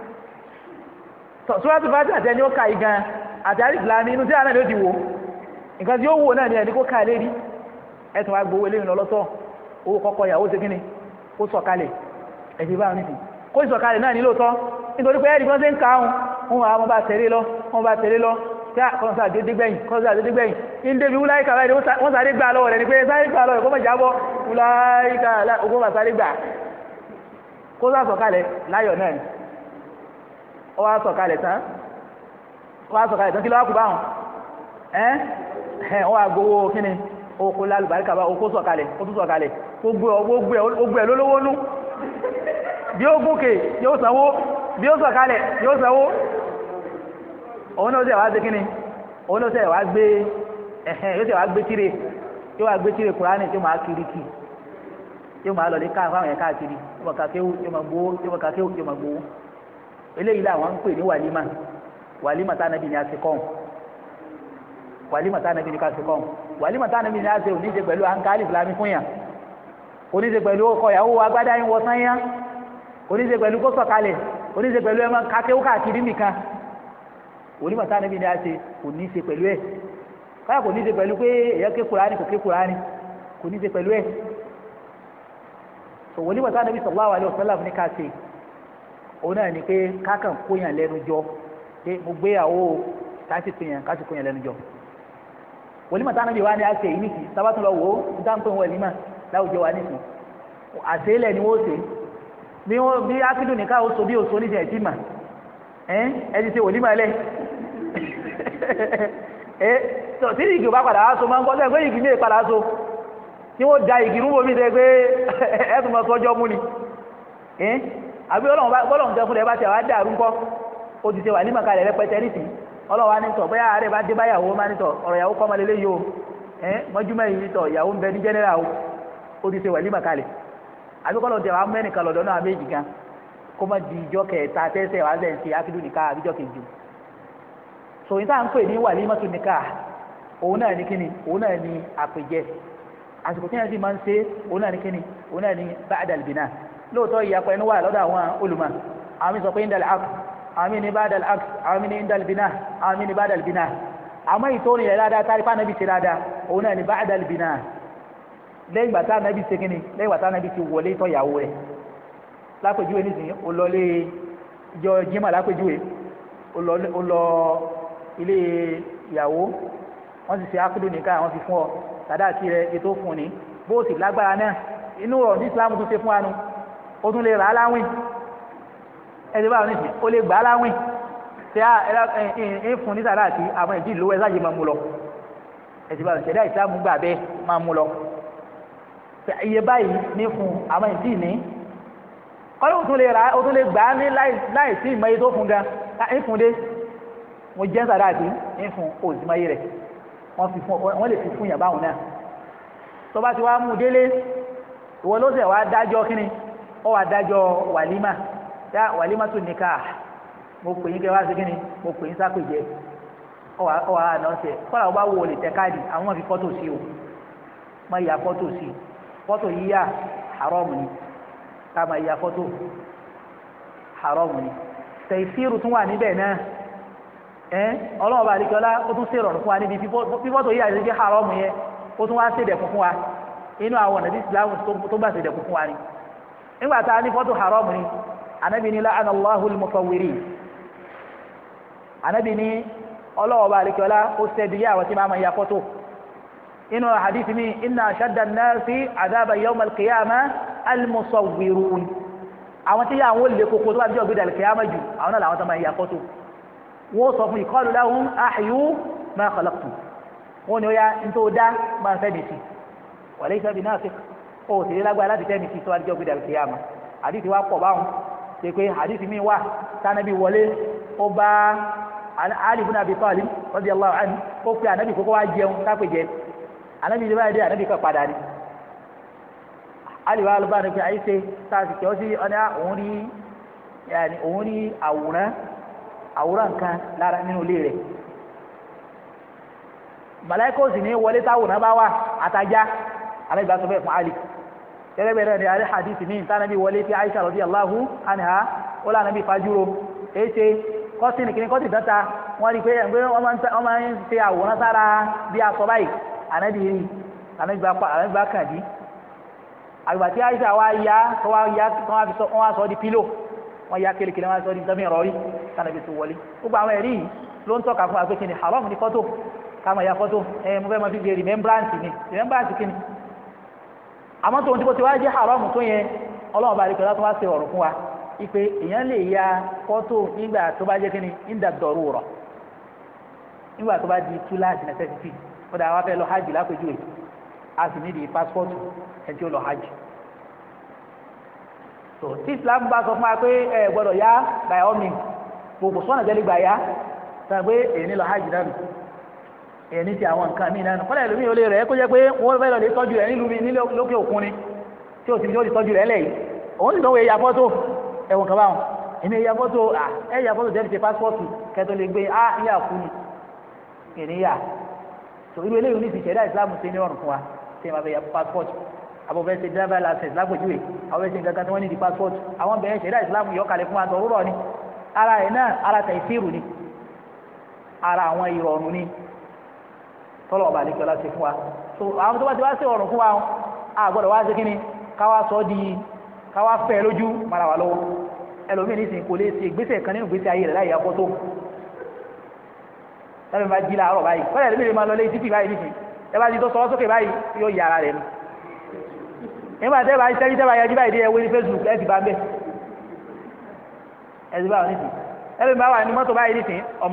sọ́wọ́tò fásitì àti ẹni ó ka igan àti àríkì láàrin inú tí àná ló ti wò nǹkan tí ó wò náà ni ẹni kó ka ilé rí ẹtùn wa gbowó eléyìí lọ́tọ̀ owó kọ́kọ́ ìyàwó ṣe kíni kó sọ̀kalẹ̀ ẹ̀sìn bá wọn nìsín kó sọ̀kalẹ̀ náà ní lóòótọ́ nítorí pé ẹ̀rí kan ṣe ń ka ahùn wọn àwọn bá tẹ̀lé lọ wọn bá tẹ̀lé lọ tí kọ́nsá dédé gbẹ̀yìn kọ́nsá dédé gbẹ̀yìn ìndébi wúláyíkà báyìí wọ́n sáré gbà lọ́wọ́ rẹ̀ ni pé sáré gbà lọ́wọ́ rẹ̀ kó mọ̀ jábọ́ wúláyíkà ogún bá sáré gbà kó sá sọ̀kalẹ̀ láyọ̀ náà ó wá sọ̀kalẹ̀ tán ó wá sọ̀kalẹ̀ tán kí ló wá kú báwọn ẹ́ wá gbowó lálùbáríkà bá ó tún gbogbo ẹ̀ gbogbo ẹ̀ gbogbo ẹ̀ lólówó nú bí ó gòkè yóò sanwó bí ó sọ̀kalẹ̀ yóò sanwó òun náà ó òun wá gbé ẹ̀hẹ́n yóò wá gbé tire yóò wá gbé tire tí ó máa kiri kì yóò máa lọ yẹn káàkiri yóò máa kàkéwò yóò máa gbowó yóò máa kàkéwò yóò máa gbowó. eléyìí làwọn ń pè ní wàlímà wàlímà tá ànábì ní a ti kọ́ wàlímà tá ànábì ní ká ti kọ́ wàlímà tá ànábì ní a ti oníṣe pẹ̀lú àǹkálì fúlàmì fún yàn oníṣe pẹ̀lú ọkọ̀ ìyàwó agbádá yín wọ sányá oníṣe pẹ̀lú kó sọ̀kalẹ̀ oníṣe pẹ̀lú ẹ̀mọ kakéwó káàkiri nìkan wàlímà tá ànábì ní a ti kò pẹ̀lú ẹ̀ káyà kò ní pẹ̀lú pé èèyàn ké Kùránì kò ké Kùránì kò ní pẹ̀lú ẹ̀ so wàlímà tá ànábì sallallahu alaihi wasallam òun náà ni pé kákan kóyàn lẹ́nu jọ pé mo gbéyàwó káàsì kóyàn káàsì kóyàn lẹ́nu jọ wòlímọ̀ táwọn ibi wa ni a ṣe yìí nìkì sábàtún lọ wò ó dáńpé wòlímọ̀ láwùjọ wa nìkì àṣeélẹ̀ ni wọ́n ṣe bí wọ́n bí akíndùn nìka ó so bí o so níṣẹ́ ẹ̀ tí mà ẹ́ ẹ́ ti ṣe wòlímọ̀ lẹ̀ ẹ́ tọ̀ tí ìgì bá padà wá so máa ń gbọ́ sẹ́yìn pé ìgì ní ìpadà so tí wọ́n da ìgì rúbọ mi sẹ́ pé ẹ̀ tó máa sọ́jọ́ mú ni àbí ọlọ́run bọ́lọ́run jẹ́ fúnlẹ̀ bá ti àwọn dàrú ńkọ́ ó ti ṣe wà ní màkàlẹ̀ rẹpẹtẹ nìsín ọlọ́run wa ní tọ̀ bóyá ààrẹ bá dé báyàwó má ní tọ̀ ọ̀rọ̀ ìyàwó kọ́ ọmọlélé yìí o ẹ mọ́júmọ́ yìí tọ̀ ìyàwó ń bẹ ní jẹ́nẹ́rà o ó ti ṣe wà ní màkàlẹ̀ àbí kọ́lọ́run tẹ̀ wá mẹ́nìkan lọ́dọ̀ náà méjì gan kó má di ìjọ kẹta tẹ́sẹ̀ wá zẹ̀ ń ṣe ákídù nìka àbíjọ kejì sòyìn tá à ń pè ní wàlímọ́tò nìka òun náà ní kíni òun náà ní àpèjẹ àsìkò tí wọ́n ti máa ń ṣe òun náà ní kíni òun náà ní ba'da al-bina lóòótọ́ ìyapa ẹnu wà lọ́dọ̀ àwọn olùmọ̀ àwọn mi sọ pé indal ak àwọn mi ní badal ak àwọn mi ní indal bina àwọn mi ní badal bina àmọ́ ìtòrin yẹn dáadáa tá a rí pa anabi ṣe dáadáa òun náà ní badal bina lẹ́yìn ìgbà tá anabi ṣe kínni lẹ́yìn ìgbà tá anabi ti wọlé tọ́ ìyàwó rẹ̀ lápèjúwe nísìnyí ó lọ lé jọ jimá lápèjúwe ó ilé ìyàwó wọ́n sì ṣe ákúdù nìkan wọ́n fi fún ọ sàdáàkì rẹ̀ ètò fún ni bó o sì lágbára náà inú ọ̀rọ̀ ní Islam tún ṣe fún wa nu ó tún lè rà á láwìn ẹni báwo ní ìsìn ó lè gbà á láwìn ṣé ẹ fún ní sàrà àti àwọn ìdí ìlú ẹsẹ àjẹ máa mú lọ ẹsẹ báwo ṣẹlẹ ìsìlámù gbà bẹ́ẹ̀ máa mú lọ iye báyìí ní fún àwọn ìdí ìní kọ́lé ó tún lè rà ó tún lè gbà á ní láì sí ìmọ̀ iye tó fún gan ẹ fún dé mo jẹ́ sàrà àti ẹ fún òsìmọ̀ye rẹ̀ wọ́n lè fi fún yàn báwọn náà tó ti wá mú délé ìwọ ló ṣe wá dájọ́ kínni ọ wà dájọ́ wàlímà yá wàlímà tún ní ká mo pè yín kẹ́ wá sí kí ni mo pè yín sápèjẹ ọ wà ọ wà àná ọ̀sẹ̀ kọ́lá ọba wo lè tẹ káàdì àwọn máa fi fọ́tò sí o má ya fọ́tò sí fọ́tò yíyá haramu ni ká má ya fọ́tò haramu ni tẹ̀síìrù tún wà níbẹ̀ náà ẹ́n ọlọ́run bá àdìkọ́lá ó tún ṣèrọ̀rùn fún wa níbi fífọ́tò yíyá ìṣẹ́jẹ́ haramu yẹn ó tún wá ṣèdẹ̀kùn fún wa inú àwọn ọ̀nà tí Islam tó gbà ṣèdẹ̀kùn fún wa ni nígbà tá a ní fọ́tò haram ni anabi ni la'ana allahu al-musawwirin anabi ni ọlọ́wọ́ bá alikọ́lá ó sẹ́bi yá àwọn tí máa ma ya fọ́tò inú hadithi mi inna ashadda an-nasi adhaba yawm al-qiyamah al-musawwirun àwọn tí yà wọ́n lè koko tó bá jẹ́ ògbédà al jù àwọn náà làwọn tó máa ya fọ́tò wọ́n sọ fún ìkọlù lahum ahyu ma khalaqtum wọ́n ni ó yá nítorí ó dá máa fẹ́ bèsì wa laysa bi nasikh o ò sì lé lágbára láti tẹ́ni títọ́ adijọ́ gbé dàbí kìyàmù àdìsí wa pọ̀ báwọn ṣe pé àdìsí mi wà tánàbí wọlé ó bá Ali ibn Abi Talib radiyallahu anhu ó pe ànábì kókó wá jẹun sápè jẹ ànábì ìdíbà yẹn dé ànábì kan padà ni Ali wa alùbánu pé àyíṣe tá a sì kẹ́ ọ sí ọ ní ah, òun rí òun rí àwòrán àwòrán kan lára nínú ilé rẹ̀ màláíkà sì ní wọlé táwòrán bá wà àtajà aláìgbà sọ bẹ́ẹ̀ fún ali gẹ́gẹ́ bẹ́ẹ̀ ni alẹ́ hadith mi ta nabi wọlé tí aisha radiyallahu anha ó lá nabi fajúro èsè kọ́sì nìkíní kọ́sì dáta wọ́n rí pé wọ́n máa ń ṣe àwòrán sára bí aṣọ báyìí anabi rí anagbà kàdí àgbà tí aisha wa ya tó wa ya tó wa fi sọ wọn sọ di pilo wọn ya kelekele wọn sọ di dami rọrí tanabi tó wọlé gbogbo àwọn ẹ̀rí ló ń tọ́ka fún akékin ni haram ni fọ́tò káma ya fọ́tò ẹ mo fẹ́ ma fi gbé remembrance ni remembrance kí àmọ́ tó ń tí kò ti wá jẹ́ haram tó yẹn ọlọ́run bá rìkẹ́ látọ́ wá ṣe ọ̀rọ̀ fún wa ipe èèyàn lè ya fọ́tò nígbà tó bá jẹ́ kí ni nígbà dọ̀rù rọ̀ nígbà tó bá di tú láti nà sẹ́sì tì ó dà wá fẹ́ lọ hajj lápèjúwe a sì nídìí pásítọ̀tù ẹni tí ó lọ hajj tó tí Islam bá sọ fún wa pé ẹ gbọ́dọ̀ yá by all means gbogbo sọ́nà jẹ́lẹ́gbà yá sọ pé èyí èyàn ní ti àwọn nǹkan míì náà kọ́lá ẹlòmíì ó lè rẹ̀ kó jẹ́ pé wọ́n fẹ́ lọ lè tọ́jú rẹ̀ nílùú mi nílé òkun ni tí o ti fi tọ́jú rẹ̀ lẹ́yìn òun sì náwó ẹ̀yà fọ́tò ẹ̀wọ̀n kan báwọn èmi ẹ̀yà fọ́tò à ẹ̀yà fọ́tò jẹ́ ti ṣe pásítọ̀tù kẹtọ́ lè gbé á ìyá kú ni ènìyà tó irú eléyìí ní ti ṣẹ̀dá ìsìlámù ṣe ní ọ̀rùn fún wa ṣe máa fẹ́ ya pásítọ̀tù àbọ̀ fẹ́ ṣe driver license lágbèjúwe àwọn ẹ̀ṣẹ̀ nǹkan kan tí wọ́n ní di pásítọ̀tù àwọn bẹ̀rẹ̀ ṣẹ̀dá ìsìlámù yọ fún wa ni ara ẹ̀ náà ara tẹ̀ ni ara àwọn ìrọ̀rùn ni tọ́lọ̀ ọba àdékẹ́ ọlá ṣe fún wa so àwọn tó bá ti wá sí ọ̀rùn fún wa a gbọ́dọ̀ wá ṣe kíni káwá sọ ọ́ di káwá fẹ́ lójú mara wa lọ́wọ́ ẹlòmíì nísìnyí kò lè ṣe ìgbésẹ̀ kan nínú ìgbésẹ̀ ayé rẹ̀ láyé akọ́tó lábẹ́ máa jí láàárọ̀ báyìí kọ́lẹ̀ ẹlòmíì lè máa lọ lé títì báyìí nísìnyí ẹ bá ti tó sọ́wọ́ sókè báyìí yóò yára rẹ̀ nù nígbà tẹ́ bá tẹ́jú tẹ́ bá yẹjú báyìí dé ẹ wo ní Facebook ẹ ti bá ń bẹ̀ ẹ ti bá wọn nísìnyí ẹlòmíì bá wà ní mọ́tò báyìí nísìnyí on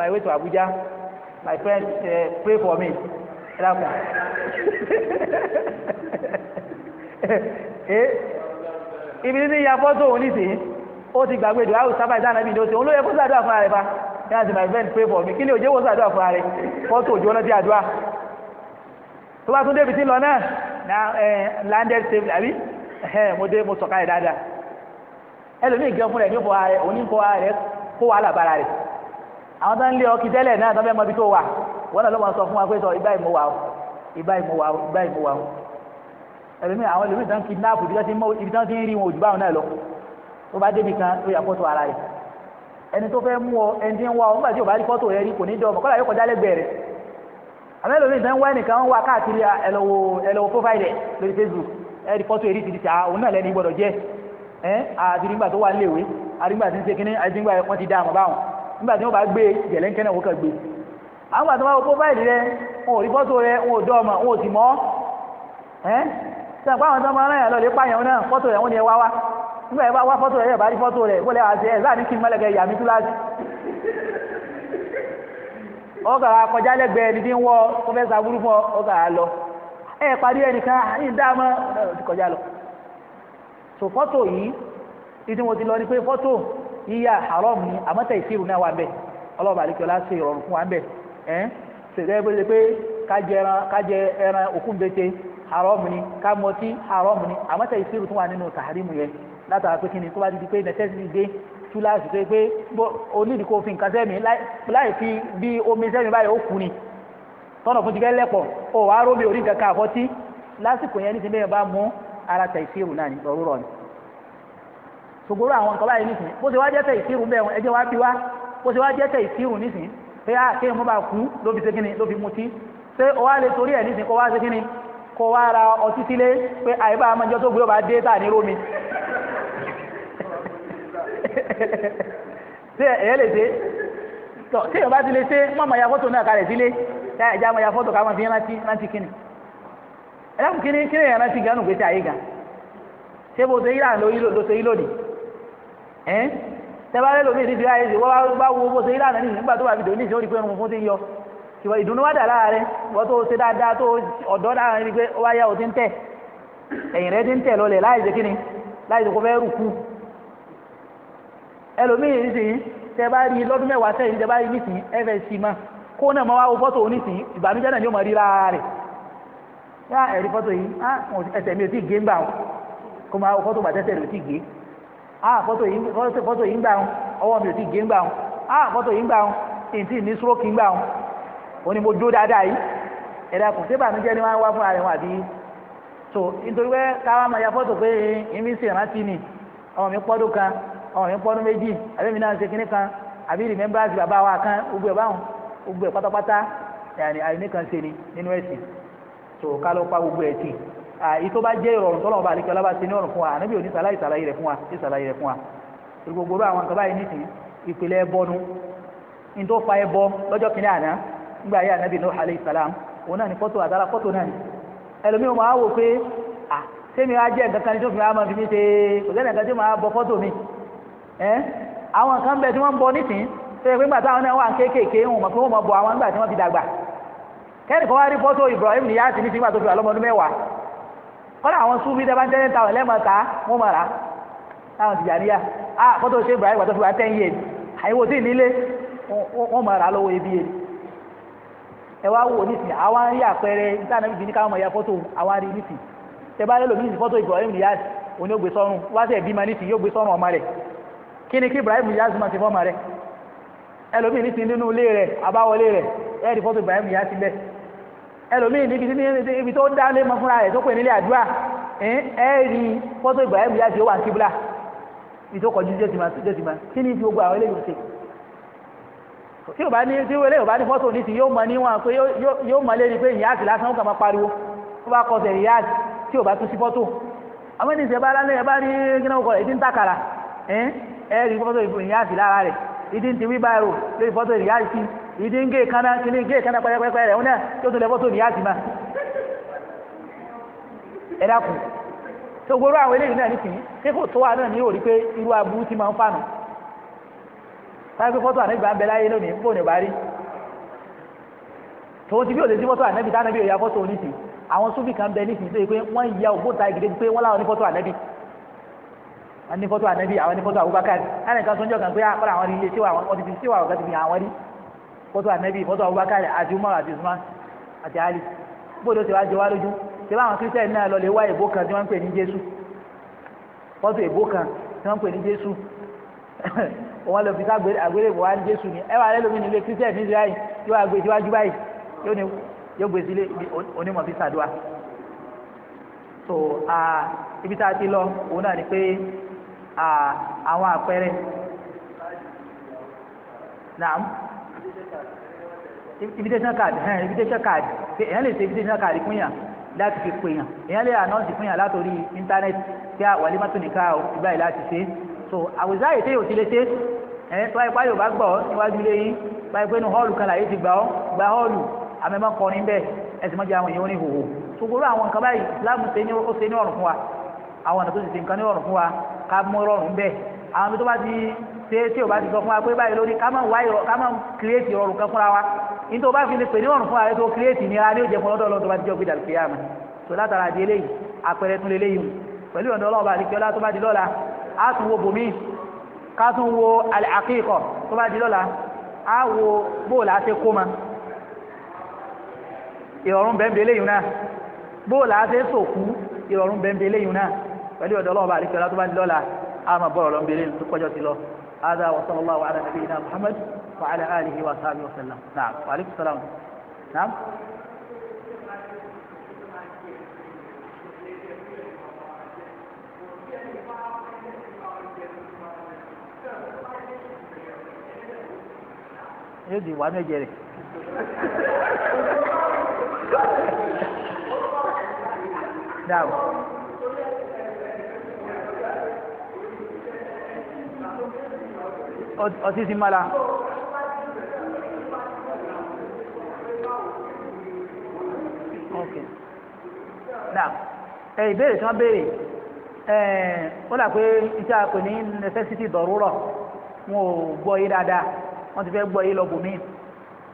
my way to Abuja my friend uh, pray for me ẹ dàpọ̀ ẹ eh, ibi títí ya fọ́tò òun nísìnyí ó ti gbàgbé ìdò àwòsàn báyìí dáná bí ìdòsí òun ló yẹ kó ṣàdúrà fún ara rẹ̀ fa ní àti my friend pray for me kí ni òjò wò ṣàdúrà fún ara rẹ̀ fọ́tò òjò ọlọ́dí àdúrà tó bá tún débi tí ń lọ náà na eh, landed safely. àbí mo dé mo sọ̀kalẹ̀ dáadáa ẹlòmíì gan fún rẹ̀ ní òun ní kó wàhálà bára rẹ̀ àwọn tó ń lé ọkì tẹ́lẹ̀ náà tó fẹ́ mọ ibi tó wà wọn náà ló wọn sọ fún wa pé sọ ibà ìmọ̀ wà o ibà ìmọ̀ wà o ibà ìmọ̀ wà o ẹlòmíì àwọn ẹlòmíì tó ń kidnap ibi tó ti ń rí wọn òjò báwọn náà lọ tó bá débi kan ó yà fọ́tò ara rẹ̀ ẹni tó fẹ́ mú ọ ẹni tí ń wá ọ nígbà tí ò bá rí fọ́tò rẹ rí kò ní dọ̀ ọmọ kọ́lá yóò kọjá lẹ́gbẹ̀ẹ́ rẹ̀ àwọn ẹlòmíì tó ń wá ẹnìkan ń wá káàkiri ẹlòwò ẹlòwò profile lórí Facebook ẹ rí fọ́tò eré ti di ta òun náà lẹ́ni gbọ́dọ̀ jẹ́ ẹ àdìrígbà tó wà ń nígbà tí wọ́n bá gbé jẹ̀lẹ́ńkẹ́ náà wọ́n gbé àwọn àti wọn rẹ wọn ò rí rẹ wọn ò dọ́ ọmọ wọn ò sì mọ́ ẹ́ sọ àwọn tó máa ń lè pààyàn náà fọ́tò rẹ wọ́n ni wá wá nígbà bá wá fọ́tò rẹ bá rí fọ́tò rẹ wọ́n wá sí ẹ láàrin kí n mọ́lẹ̀kẹ́ yà mí túláàsì. ọkà kọjá lẹ́gbẹ̀ẹ́ lọ kọjá iya haram ni amata tẹ̀ na náà wà ń bẹ̀ ọlọ́ọ̀bà àlekèọ́lá fún wa ń bẹ̀ ẹ́ ṣèṣẹ́ bó ṣe pé kájẹ haram ni ká mọtí haram ni àmọ́ tẹ̀ ìṣirò tún wà nínú tàhárìmù yẹn látara pé kí ni tó di omi ni tọ́nà fún ti fẹ́ lẹ́pọ̀ ò wá rómi orí nǹkan kan àfọ́tí ti ara ṣògbóró àwọn nǹkan báyìí nísìn bó ṣe wá jẹ́ tẹ̀ ìṣirò bẹ́ẹ̀ wọn ẹjẹ́ wá bí wá bó ṣe wá jẹ́ tẹ̀ ìṣirò nísìn pé á ah, kéèyàn mọ́ bá kú ló fi ṣe kíni ló fi mutí ṣé o wá lè torí ẹ̀ nísìn kó wá ṣe kó wá ra ọtí sílé pé àyíbá amájọ tó gbé ọba dé tà ní rómi ṣé ẹ̀yẹ́ lè ṣe tọ́ ṣé ìyọba ti lè ṣe mọ́ àmọ́ ya fọ́tò náà kalẹ̀ sílé ẹ̀jẹ̀ àmọ́ ya fọ́tò káwọn fi rántí rántí kíni ẹ̀dá kù kíni kíni ìrántí gan nù ṣe bó ṣe yí láàrin lónìí ẹ́ tẹ́bárẹ́ lómi ìdí ìdíra ẹ̀sìn wọ́n bá wo bó ṣe ìlànà nìyí nígbà tó bá fi dòní ìṣe ó rí pé irun fún ti ń yọ ṣùgbọ́n ìdùnnú wà dà láàárẹ̀ wọ́n tó ṣe dáadáa tó ọ̀dọ́ láàárín ni pé ó wáyà ó ti ń tẹ̀ ẹ̀yìn rẹ̀ ti ń tẹ̀ lọlẹ̀ láìsí kíni láìsí kó fẹ́ rù kú ẹlòmíì nísìnyí tẹ́bá rí lọ́dún mẹ́wàá sẹ́yìn tẹ́bá rí nísìnyí ẹ fẹ́ sí ma kó náà mọ́ wá wo fọ́tò onísìnyí ìbànújẹ́ náà ni ó mọ̀ rí láàárẹ̀ yá ẹ̀rí fọ́tò yìí ẹsẹ̀ mi ò tí ì gé ń gbà kó máa wo fọ́tò bàtẹ́sẹ̀ rẹ̀ ò tí ì gé ah fọ́tò yìí fọ́tò yìí ń gbà wọn ọwọ́ mi ò tí gé ń gbà wọn ah fọ́tò yìí ń gbà wọn ìntì ní stroke ń gbà wọn ó ní mo dó dáadáa yìí ẹ̀dá kò sí ìbànújẹ́ ni wọ́n wá fún ààrẹ wọn àbí so nítorí pé káwá máa ya fọ́tò pé èmi sì rántí ni ọmọ mi pọ́dún kan ọmọ mi pọ́dún méjì àbí mi náà ṣe kinní kan àbí remembrance bàbá wa kan gbogbo ẹ̀ báwọn gbogbo ẹ̀ pátápátá àìníkan ṣe ni nínú ẹ̀sìn so ká ló pa gbogbo èyí tó bá jẹ́ ìrọ̀rùn tọ́lọ̀ ọba àlekẹ́ ọlọ́ba ti ní ọ̀rùn fún wa ànábì òní sàlàyé sàlàyé rẹ̀ fún wa ṣe sàlàyé rẹ̀ fún wa gbogbo bá àwọn kaba yìí ní sìn ìpìlẹ̀ ẹbọnu ní tó fa ẹbọ lọ́jọ́ kìíní àná nígbà yẹ ànábì salam òun náà ní fọ́tò àtàrà fọ́tò náà ní ẹlòmíràn máa wò pé sẹ́mi á jẹ́ nǹkan kan ní tó fi mi kọ́lá àwọn súnfì tẹ́ bá ń tẹ́lẹ̀ ta ọ̀lẹ́ mọ̀ a wọ́n mọ̀ rà táwọn ti jàdíyà á kótó ṣe ibrahim wà tó fi wá ten years àyẹ̀wò tí nílé wọ́n mọ̀ lọ́wọ́ ebi yẹn ẹ wò nísìnyí àwa ń rí àpẹẹrẹ níta n'i ní ya fọ́tò àwa rí nísìnyí ní ibrahim niyaz òní ògbé sọ́run wá sí ẹ̀bí ma nísìnyí yóò gbé sọ́run ọmọ rẹ̀ kí ni kí ibrahim niyaz ma ti fọ́ ọmọ rẹ̀ nínú ilé rẹ̀ rẹ̀ ẹ̀ẹ́dì ibrahim bẹ́ẹ̀ ẹlòmíì níbi tí ibi tó dá lé mọ́ fúnra rẹ̀ tó pè nílé àdúrà ẹ rí fọ́tò ìgbà ẹ̀mí láti wà kíbla ibi tó kọjú jẹ́tìmá jẹ́tìmá kí ni ti gbogbo àwọn eléyìí ṣe tí o bá ní tí eléyìí o bá ní fọ́tò ní ti yóò mọ níwọ̀n pé yóò mọ lérí pé ìyáàtì lásán ó kà máa pariwo ó bá kọ sẹ̀ ìyáàtì tí o bá tún sí fọ́tò àwọn ènìyàn bá lálẹ́ ẹ bá ní kí náà kọ ẹ̀ ti ń tàkàrà ẹ rí fọ́tò ìyáàtì lára rẹ̀ ìdí ń ti wí báyìí o lórí fọ́tò ìyá ìsì ìdí ń gé kaná kíní gé kaná pẹ́rẹ́pẹ́rẹ́ rẹ̀ ọ̀nà tí ó tún lẹ fọ́tò ìyá ìsì ma. ẹ dákun tó gbóró àwọn eléyìí náà nìkìní tí kò tó wa náà ní òrí pé irú aburú ti máa ń fànù. táyà pé fọ́tò ànábì bá ń bẹ láyé lónìí bó ni ò bá rí. tòun ti bí òde sí fọ́tò ànábì tánábì ò ya fọ́tò oníṣì àwọn súfì kan bẹ níṣì àwọn ní fọ́tò ànábì àwọn ní fọ́tò Abubakar ẹnì kan sọ́njọ́ kan pé àkọ́lá ah, àwọn ilé ṣé wọ́n ti fi ṣé wọ́n ti fi àwọn rí fọ́tò ànábì fọ́tò Abubakar àti Umar àti Usman àti Ali gbọ́dọ̀ ti wá jẹ wá lójú ṣé báwọn kírísítẹ́nì náà lọ lè wá èbó kan tí wọ́n ń pè ní Jésù fọ́tò èbó kan tí wọ́n ń pè ní Jésù wọ́n lọ fi ká àgbélébùú wá ní Jésù ni ẹ wà lẹ́lómi nílé kírísítẹ́nì ní Israẹli yóò wá gbé e síwájú báyìí yóò ní yóò gbé e sílé onímọ̀ fi sàdúrà so ah, ibi tá a ti lọ òun náà ni pé àwọn àpẹẹrẹ naam invitation card hẹ́n invitation card èèyàn lè ṣe invitation card fún yàn láti fi pè yàn èèyàn lè anọ́ọ̀sì fún yàn látòrí íńtánẹ́ẹ̀tì kí wàlímọ́tò nìkan ìgbà yìí láti ṣe so àwùjọ àyè tí yóò ti lè ṣe ẹ tó ayé pààyè ò bá gbọ́ níwájú ilé yín báyìí pé inú họ́ọ̀lù kan làyè ti gbà ọ́ gba họ́ọ̀lù àmẹ́mọ́ kọrin bẹ́ẹ̀ ẹ̀sìn mọ́jà àwọn èèyàn oníhòòhò ṣùgbọ́n àwọn nǹkan báyìí láàmú ṣe ní ọ̀rùn fún wa àwọn ọ̀nà tó ti ṣe nǹkan ní rọrùn fún wa ká mú rọrùn bẹ́ẹ̀ àwọn ibi tó bá ti ṣe tí o bá ti sọ fún wa pé báyìí lórí ká máa wá ìrọ ká máa kírètì rọrùn kan fúnra wa nítorí o bá fi lè pè ní rọrùn fún wa rẹ tó kírètì ní ara ní òjẹ fún ọlọ́dọ̀ ọlọ́dọ̀ bá ti jẹ́ ògbéjà lùpìyà mi tó látara di eléyìí àpẹẹrẹ tún leléyìí pẹ̀lú ọ̀dọ̀ ọlọ́run bá àdìkẹ́ ọlá tó bá di lọ́la á tún wo bòmí ká tún wo àlẹ́ àkíkọ̀ tó bá di lọ́la á wo bóòlù àti kó ma ìrọ̀rùn bẹ́ẹ̀ bẹ́ẹ̀ léyìí náà bóòlù àti sòkú ìrọ̀rùn bẹ́ẹ̀ bẹ́ẹ̀ léyìí náà pẹ̀lú ọ̀dọ̀ ọlọ́wọ́ bá àlejò ọlá tó bá ń lọ́la a máa bọ̀rọ̀ lọ́n bèrè tó kọjọ́ ti lọ ada wa sallallahu ala nabiyyina muhammad wa ala alihi wa sahbihi wa sallam naam wa aleykum salaam naam. yóò di wà méje rẹ. dáàbò. ọtí ti máa la. ẹ ìbéèrè tí wọ́n béèrè ó dà pé iṣẹ́ àpè ní necessity dọ̀rúrọ̀ wọn ò gbọ́ yé dáadáa wọ́n ti fẹ́ gbọ́ yé lọ́bù míì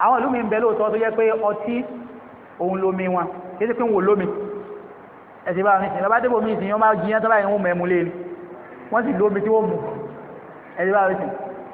àwọn ìlú mi ń bẹ lóòótọ́ tó jẹ́ pé ọtí òun lomi wọn kí ẹ ti pé ń wò lómi ẹ̀sìn bá mi sìn bàbá débò mi sìn yọ́n máa jiyàn tó báyìí ń mú ẹ̀mú lé ni wọ́n sì lómi tí wọ́n mú ẹ̀sìn bá mi sìn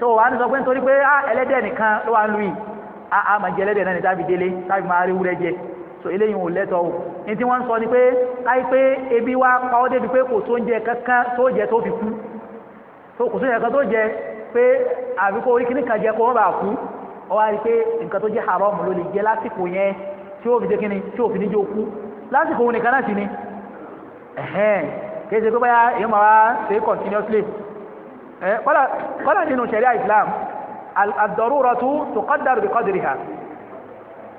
tó wà ní sọ pé nítorí pé á ah, ẹlẹ́dẹ̀ nìkan ló wà ń lu yìí á ah, á máa jẹ ẹlẹ́dẹ̀ náà ní tábì délé tábì máa rí wúrẹ́ jẹ so eléyìí ò lẹ́tọ̀ o ní tí wọ́n ń sọ ni pé láì pé ebi wá pa ọ́ débi pé kò tó ń jẹ kankan tó jẹ tó fi kú kò tó yẹ kan tó jẹ pé àbí kó orí kíní kan jẹ kó wọ́n bá kú ọ wá rí i pé nǹkan tó jẹ́ haram ló lè jẹ lásìkò yẹn tí ó fi jẹ́ kíni tí ó fi níjó kú lásìkò òun nìkan náà sì ni kí ẹ ṣe pé báyà èèyàn máa wá ṣe continuously kọ́lá eh, nínú ṣẹ̀ríà islam ad-daruratu tuqaddaru bi qadriha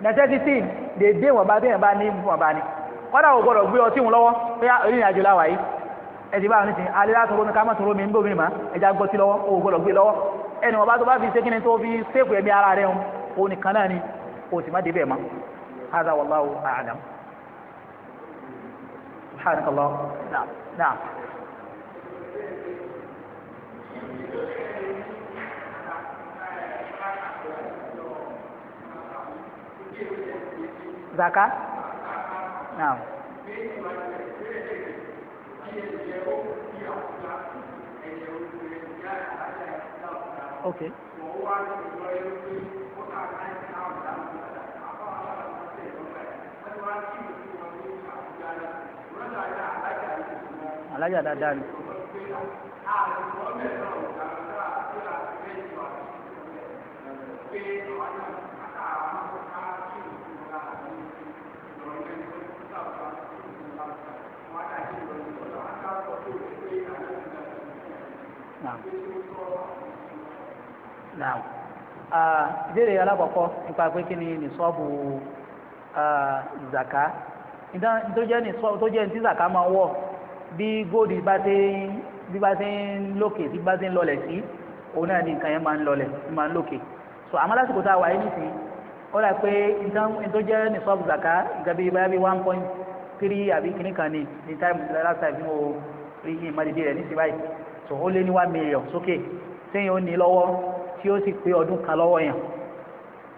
necessity dédé wọn bá bẹ́ẹ̀ bá ní wọn bá ní kọ́lá ò gbọ́dọ̀ gbé ọtí wọn lọ́wọ́ pé orílẹ̀ àjò láwàá yìí ẹ̀sìn báwọn nísìnyí alẹ́ látọ̀rọ̀ mi ká má tọ̀rọ̀ mi ń bómi mà ẹja gbọ́ sí lọ́wọ́ ò gbọ́dọ̀ gbé lọ́wọ́ ẹni wọn bá tó bá fi ṣé tó fi ṣéèkù ẹ̀mí ara rẹ̀ òun nìkan náà ni sì má zaka naam. ok. alájà dáadáa ni. Thank you. naam ah, ìbéèrè alákọ̀ọ́kọ́ nípa pé kí ni nìṣọ́ọ̀bù ah, zaka tó jẹ́ nìṣọ́ọ̀bù tó jẹ́ ní zaka máa wọ̀ bí góòdù bá ti bí bá ti ń lókè bí bá ti ń lọlẹ̀ sí òun náà ni nǹkan yẹn máa ń lọlẹ̀ máa ń lókè so àmọ́ lásìkò tá a wà yìí nìsín ó rà pé nǹkan tó jẹ́ nìṣọ́ọ̀bù zaka nǹkan bíi báyà bíi one point three àbí kìnnìkan ni ní táìmù last time mo rí yìí má tó ó lé ní one million sókè téèyàn ó ní lọ́wọ́ tí ó sì pé ọdún kan lọ́wọ́ yẹn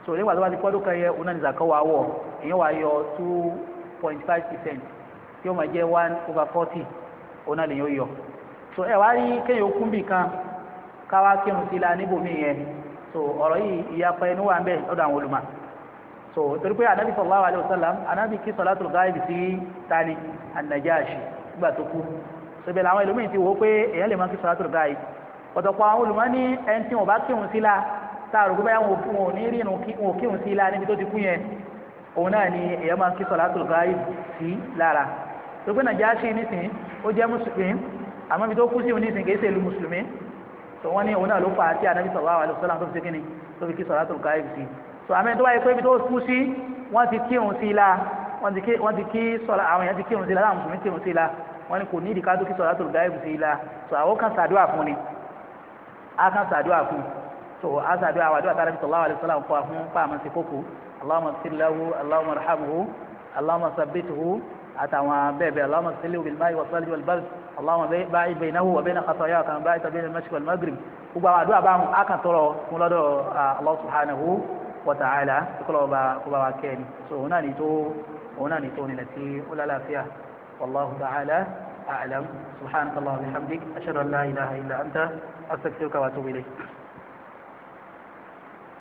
tó nígbà tó bá ti pọ́ ọdún kan yẹ òun náà ní zaka wà wọ̀ èèyàn wà yọ two point five percent tí ó máa jẹ́ one over forty òun náà lèyàn ó yọ tó ẹ wá rí kéèyàn ó kún bì kan káwá kírun sí la níbòmí yẹn so ọ̀rọ̀ yìí ìyapa ẹnu wà ń bẹ lọ́dọ̀ àwọn olùmọ̀ so torí pé anabi sallallahu wa sallam anabi kí salatul ghaib sí tani an-Najashi nígbà tó kú síbẹ̀ làwọn ẹlòmíì ti wò ó pé èèyàn lè máa kí sọ́dọ̀ tó báyìí ọ̀dọ̀pọ̀ àwọn olùmọ̀ ní ẹni tí wọn bá kírun sí la tá a rò pé báyà wọn ò ní rí wọn kírun sí la níbi tó ti kú yẹn òun náà ni èèyàn máa kí sọ́dọ̀ tó báyìí sí lára gbogbo Nàìjíríà ṣe nísìn ó jẹ́ mùsùlùmí àmọ́ ibi tó kú sí òun nísìn kì í ṣe ìlú mùsùlùmí tó wọ́n ní òun náà ló fà á tí Ànábì sallallahu alaihi wasallam tó fi ṣe kí sọ́dọ̀ tó àmì kí sọ́dọ̀ àwọn èèyàn sí wọ́n ní kò ní ìdíkà dókítà láti rò gáyìbù sí ilá so àwọn kan ṣàdúrà fún ni a kan ṣàdúrà fún so a ṣàdúrà àwọn àdúrà tààrà sallallahu alaihi wasallam fún àfún pàmò sí kókó allahumma ighfir lahu allahumma irhamhu allahumma thabbithu àtàwọn bẹ́ẹ̀ bẹ́ẹ̀ allahumma sallihu bil ma'i wasalli wal barz allahumma ba'i bainahu wa baina khatayahu kama ba'ita baina al-mashriq wal maghrib gbogbo àwọn àdúrà báwọn a kan kó bá wa kẹ́ ni ni tó òun náà ni tó nílẹ̀ tí ó lálàáfíà والله تعالى أعلم سبحانك اللهم وبحمدك أشهد أن لا إله إلا أنت أستغفرك وأتوب إليك